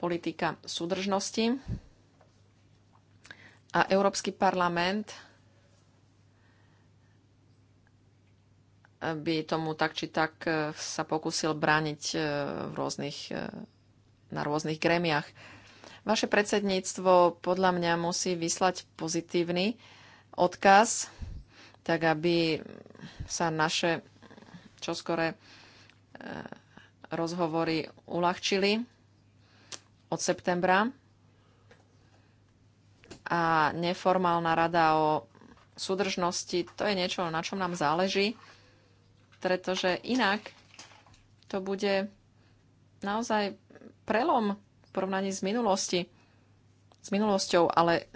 politika súdržnosti a Európsky parlament by tomu tak či tak e, sa pokusil brániť e, v rôznych, e, na rôznych gremiách. Vaše predsedníctvo podľa mňa musí vyslať pozitívny odkaz, tak aby sa naše čoskore rozhovory uľahčili od septembra a neformálna rada o súdržnosti, to je niečo, na čom nám záleží, pretože inak to bude naozaj prelom v porovnaní s minulosti. S minulosťou, ale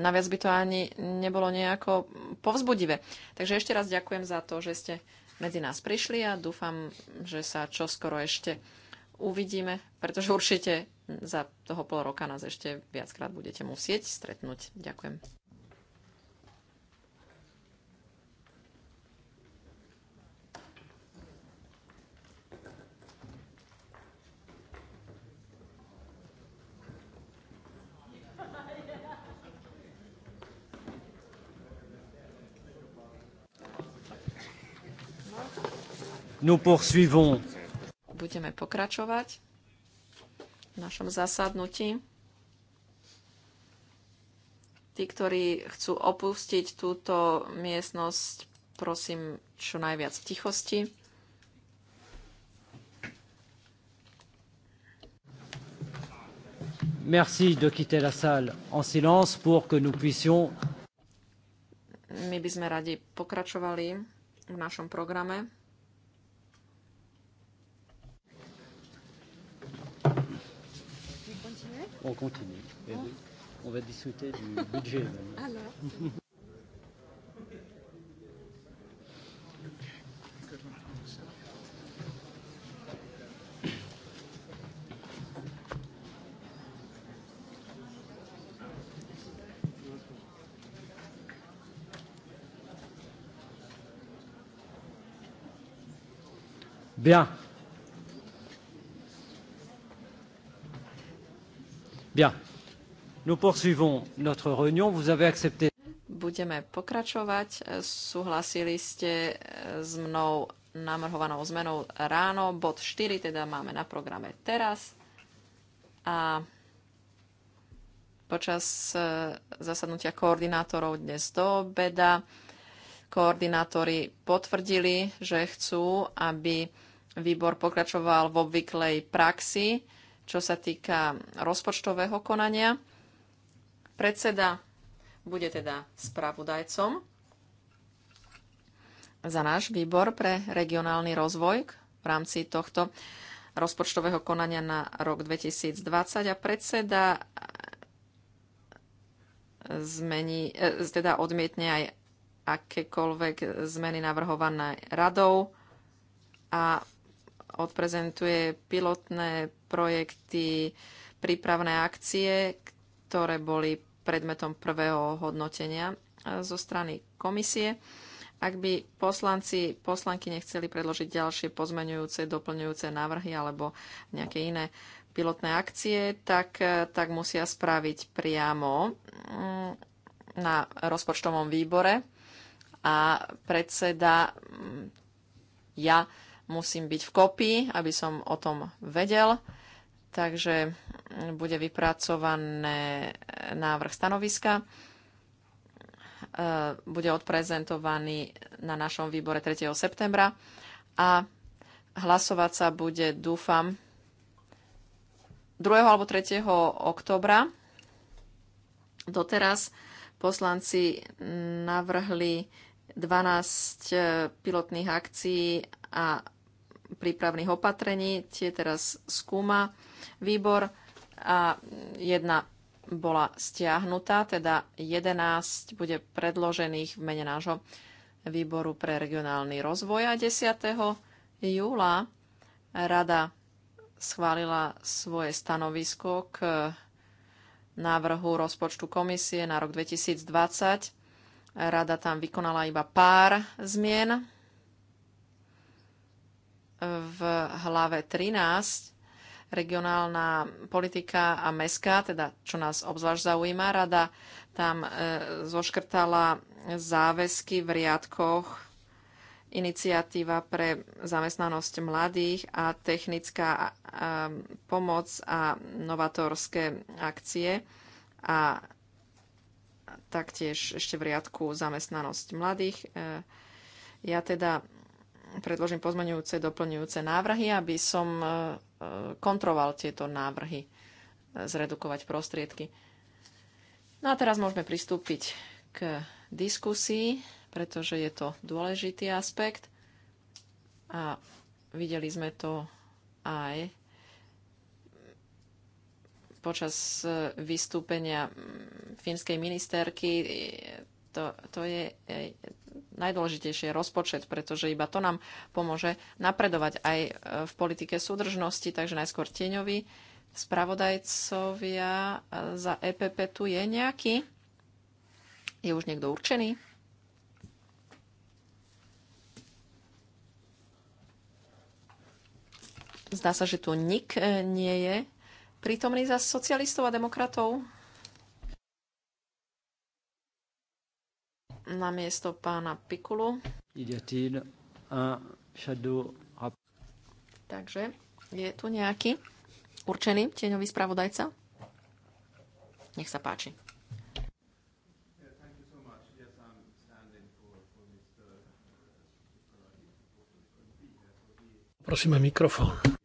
naviac by to ani nebolo nejako povzbudivé. Takže ešte raz ďakujem za to, že ste medzi nás prišli a dúfam, že sa čoskoro ešte uvidíme, pretože určite za toho pol roka nás ešte viackrát budete musieť stretnúť. Ďakujem. Nous poursuivons. Budeme pokračovať našom zasadnutí. Tí, ktorí chcú opustiť túto miestnosť, prosím čo najviac v tichosti. Merci de quitter la salle en silence pour que nous puissions. My by sme radi pokračovali v našom programe. On continue. Et oui. On va discuter du budget. Même. Alors. Bien. Bien. Nous poursuivons notre réunion. Vous avez accepté. Budeme pokračovať. Súhlasili ste eh, s mnou namrhovanou zmenou ráno. Bod 4 teda máme na programe teraz. A počas eh, zasadnutia koordinátorov dnes do obeda koordinátori potvrdili, že chcú, aby výbor pokračoval v obvyklej praxi čo sa týka rozpočtového konania. Predseda bude teda spravodajcom za náš výbor pre regionálny rozvoj v rámci tohto rozpočtového konania na rok 2020 a predseda zmení, e, teda odmietne aj akékoľvek zmeny navrhované radou a odprezentuje pilotné projekty, prípravné akcie, ktoré boli predmetom prvého hodnotenia e, zo strany komisie. Ak by poslanci, poslanky nechceli predložiť ďalšie pozmeňujúce, doplňujúce návrhy alebo nejaké iné pilotné akcie, tak, e, tak musia spraviť priamo mm, na rozpočtovom výbore a predseda mm, ja musím byť v kopii, aby som o tom vedel. Takže bude vypracované návrh stanoviska. E, bude odprezentovaný na našom výbore 3. septembra a hlasovať sa bude, dúfam, 2. alebo 3. oktobra. Doteraz poslanci navrhli 12 e, pilotných akcií a prípravných opatrení. Tie teraz skúma výbor a jedna bola stiahnutá, teda 11 bude predložených v mene nášho výboru pre regionálny rozvoj a 10. júla rada schválila svoje stanovisko k návrhu rozpočtu komisie na rok 2020. Rada tam vykonala iba pár zmien v hlave 13 regionálna politika a Meská, teda čo nás obzvlášť zaujíma, rada tam e, zoškrtala záväzky v riadkoch iniciatíva pre zamestnanosť mladých a technická pomoc a novatorské akcie a taktiež ešte v riadku zamestnanosť mladých. E, ja teda predložím pozmenujúce, doplňujúce návrhy, aby som e, e, kontroval tieto návrhy e, zredukovať prostriedky. No a teraz môžeme pristúpiť k diskusii, pretože je to dôležitý aspekt a videli sme to aj počas vystúpenia fínskej ministerky. To, to je najdôležitejšie je rozpočet, pretože iba to nám pomôže napredovať aj e, v politike súdržnosti, takže najskôr tieňovi spravodajcovia e, za EPP tu je nejaký? Je už niekto určený? Zdá sa, že tu nik e, nie je prítomný za socialistov a demokratov. na miesto pána Pikulu. Takže je tu nejaký určený tieňový spravodajca? Nech sa páči. Prosíme mikrofón.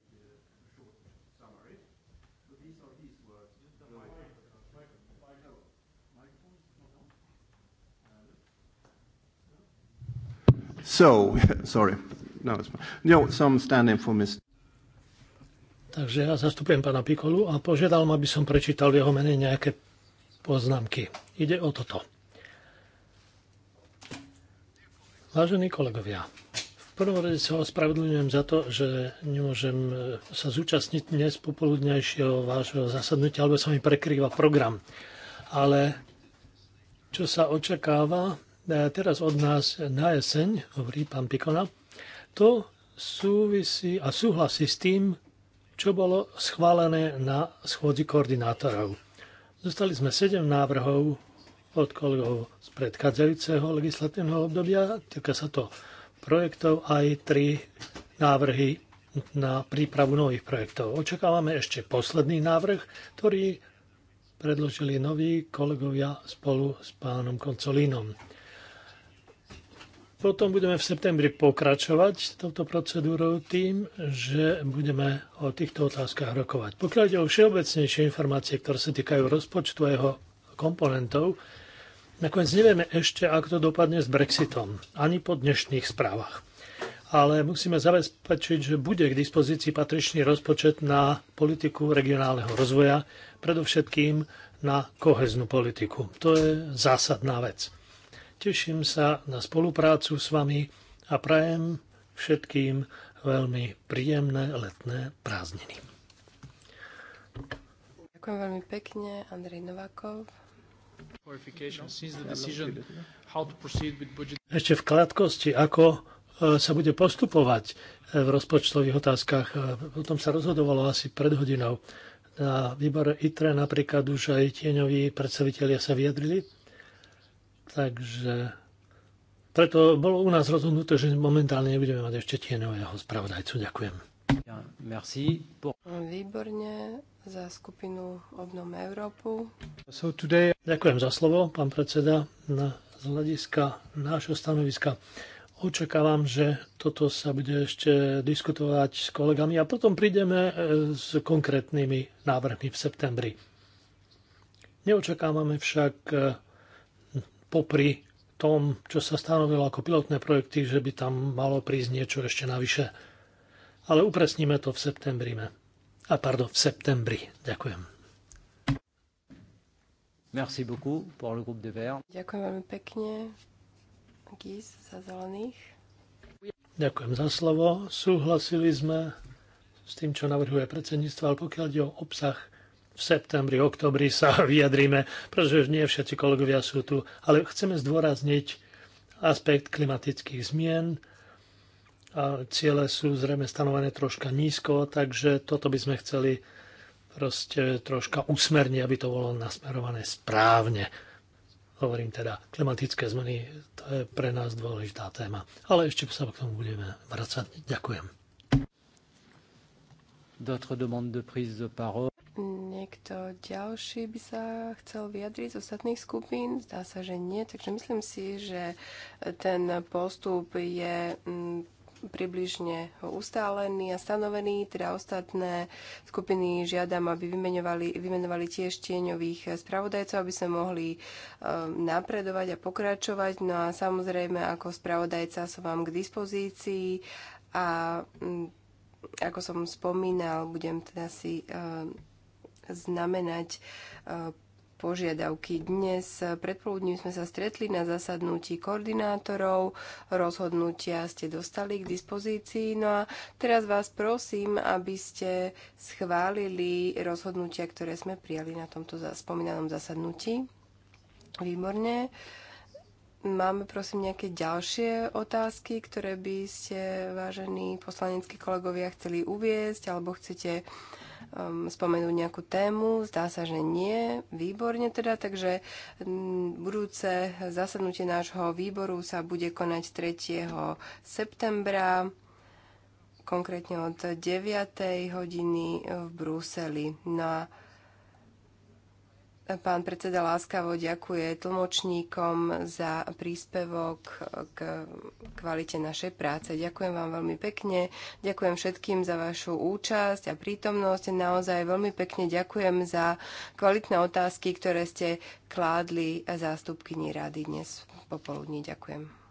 sorry. No, no some standing for Mr. Takže ja zastupujem pána Pikolu a požiadal ma, aby som prečítal v jeho mene nejaké poznámky. Ide o toto. Vážení kolegovia, v prvom rade sa ospravedlňujem za to, že nemôžem e, sa zúčastniť dnes popoludnejšieho vášho zasadnutia, alebo sa mi prekrýva program. Ale čo sa očakáva, E, teraz od nás na jeseň, hovorí pán Pikona, to súvisí a súhlasí s tým, čo bolo schválené na schôdzi koordinátorov. Zostali sme 7 návrhov od kolegov z predchádzajúceho legislatívneho obdobia. Týka sa to projektov aj tri návrhy na prípravu nových projektov. Očakávame ešte posledný návrh, ktorý predložili noví kolegovia spolu s pánom Koncolínom. Potom budeme v septembri pokračovať s touto procedúrou tým, že budeme o týchto otázkach rokovať. Pokiaľ ide o všeobecnejšie informácie, ktoré sa týkajú rozpočtu a jeho komponentov, nakoniec nevieme ešte, ako to dopadne s Brexitom, ani po dnešných správach. Ale musíme zabezpečiť, že bude k dispozícii patričný rozpočet na politiku regionálneho rozvoja, predovšetkým na koheznú politiku. To je zásadná vec. Teším sa na spoluprácu s vami a prajem všetkým veľmi príjemné letné prázdniny. Ďakujem veľmi pekne, Andrej Novakov. Ešte v krátkosti, ako e, sa bude postupovať e, v rozpočtových otázkach. E, o tom sa rozhodovalo asi pred hodinou. Na výbore ITRE napríklad už aj tieňoví predstavitelia sa vyjadrili. Takže preto bolo u nás rozhodnuté, že momentálne nebudeme mať ešte tieňového spravodajcu. Ďakujem. merci. Výborne za skupinu Obnom Európu. So today... Ďakujem za slovo, pán predseda. Na, z hľadiska nášho stanoviska očakávam, že toto sa bude ešte diskutovať s kolegami a potom prídeme e, s konkrétnymi návrhmi v septembri. Neočakávame však e, popri tom, čo sa stanovilo ako pilotné projekty, že by tam malo prísť niečo ešte navyše. Ale upresníme to v septembri. A pardon, v septembri. Ďakujem. Merci beaucoup pour le groupe de Verts. Ďakujem veľmi pekne. Gis za zelených. Ďakujem za slovo. Súhlasili sme s tým, čo navrhuje predsedníctvo, ale pokiaľ ide o obsah, v septembri, oktobri sa vyjadríme, pretože nie všetci kolegovia sú tu, ale chceme zdôrazniť aspekt klimatických zmien. A ciele sú zrejme stanovené troška nízko, takže toto by sme chceli proste troška usmerniť, aby to bolo nasmerované správne. Hovorím teda, klimatické zmeny, to je pre nás dôležitá téma. Ale ešte sa k tomu budeme vracať. Ďakujem. D'autres demandes de prise de parole. Niekto ďalší by sa chcel vyjadriť z ostatných skupín? Zdá sa, že nie, takže myslím si, že ten postup je mm, približne ustálený a stanovený, teda ostatné skupiny žiadam, aby vymenovali, vymenovali tiež tieňových spravodajcov, aby sa mohli ehm, napredovať a pokračovať. No a samozrejme, ako spravodajca som vám k dispozícii a mm, ako som spomínal, budem teda si ehm, znamenať e, požiadavky. Dnes predpoludním sme sa stretli na zasadnutí koordinátorov, rozhodnutia ste dostali k dispozícii. No a teraz vás prosím, aby ste schválili rozhodnutia, ktoré sme prijali na tomto spomínanom zasadnutí. Výborne. Máme prosím nejaké ďalšie otázky, ktoré by ste, vážení poslaneckí kolegovia, chceli uviezť alebo chcete uh, um, spomenúť nejakú tému? Zdá sa, že nie. Výborne teda, takže budúce zasadnutie nášho výboru sa bude konať 3. septembra konkrétne od 9. hodiny v Bruseli. Na no Pán predseda láskavo ďakuje tlmočníkom za príspevok k kvalite našej práce. Ďakujem vám veľmi pekne. Ďakujem všetkým za vašu účasť a prítomnosť. Naozaj veľmi pekne ďakujem za kvalitné otázky, ktoré ste kládli zástupkyni rady dnes popoludní. Ďakujem.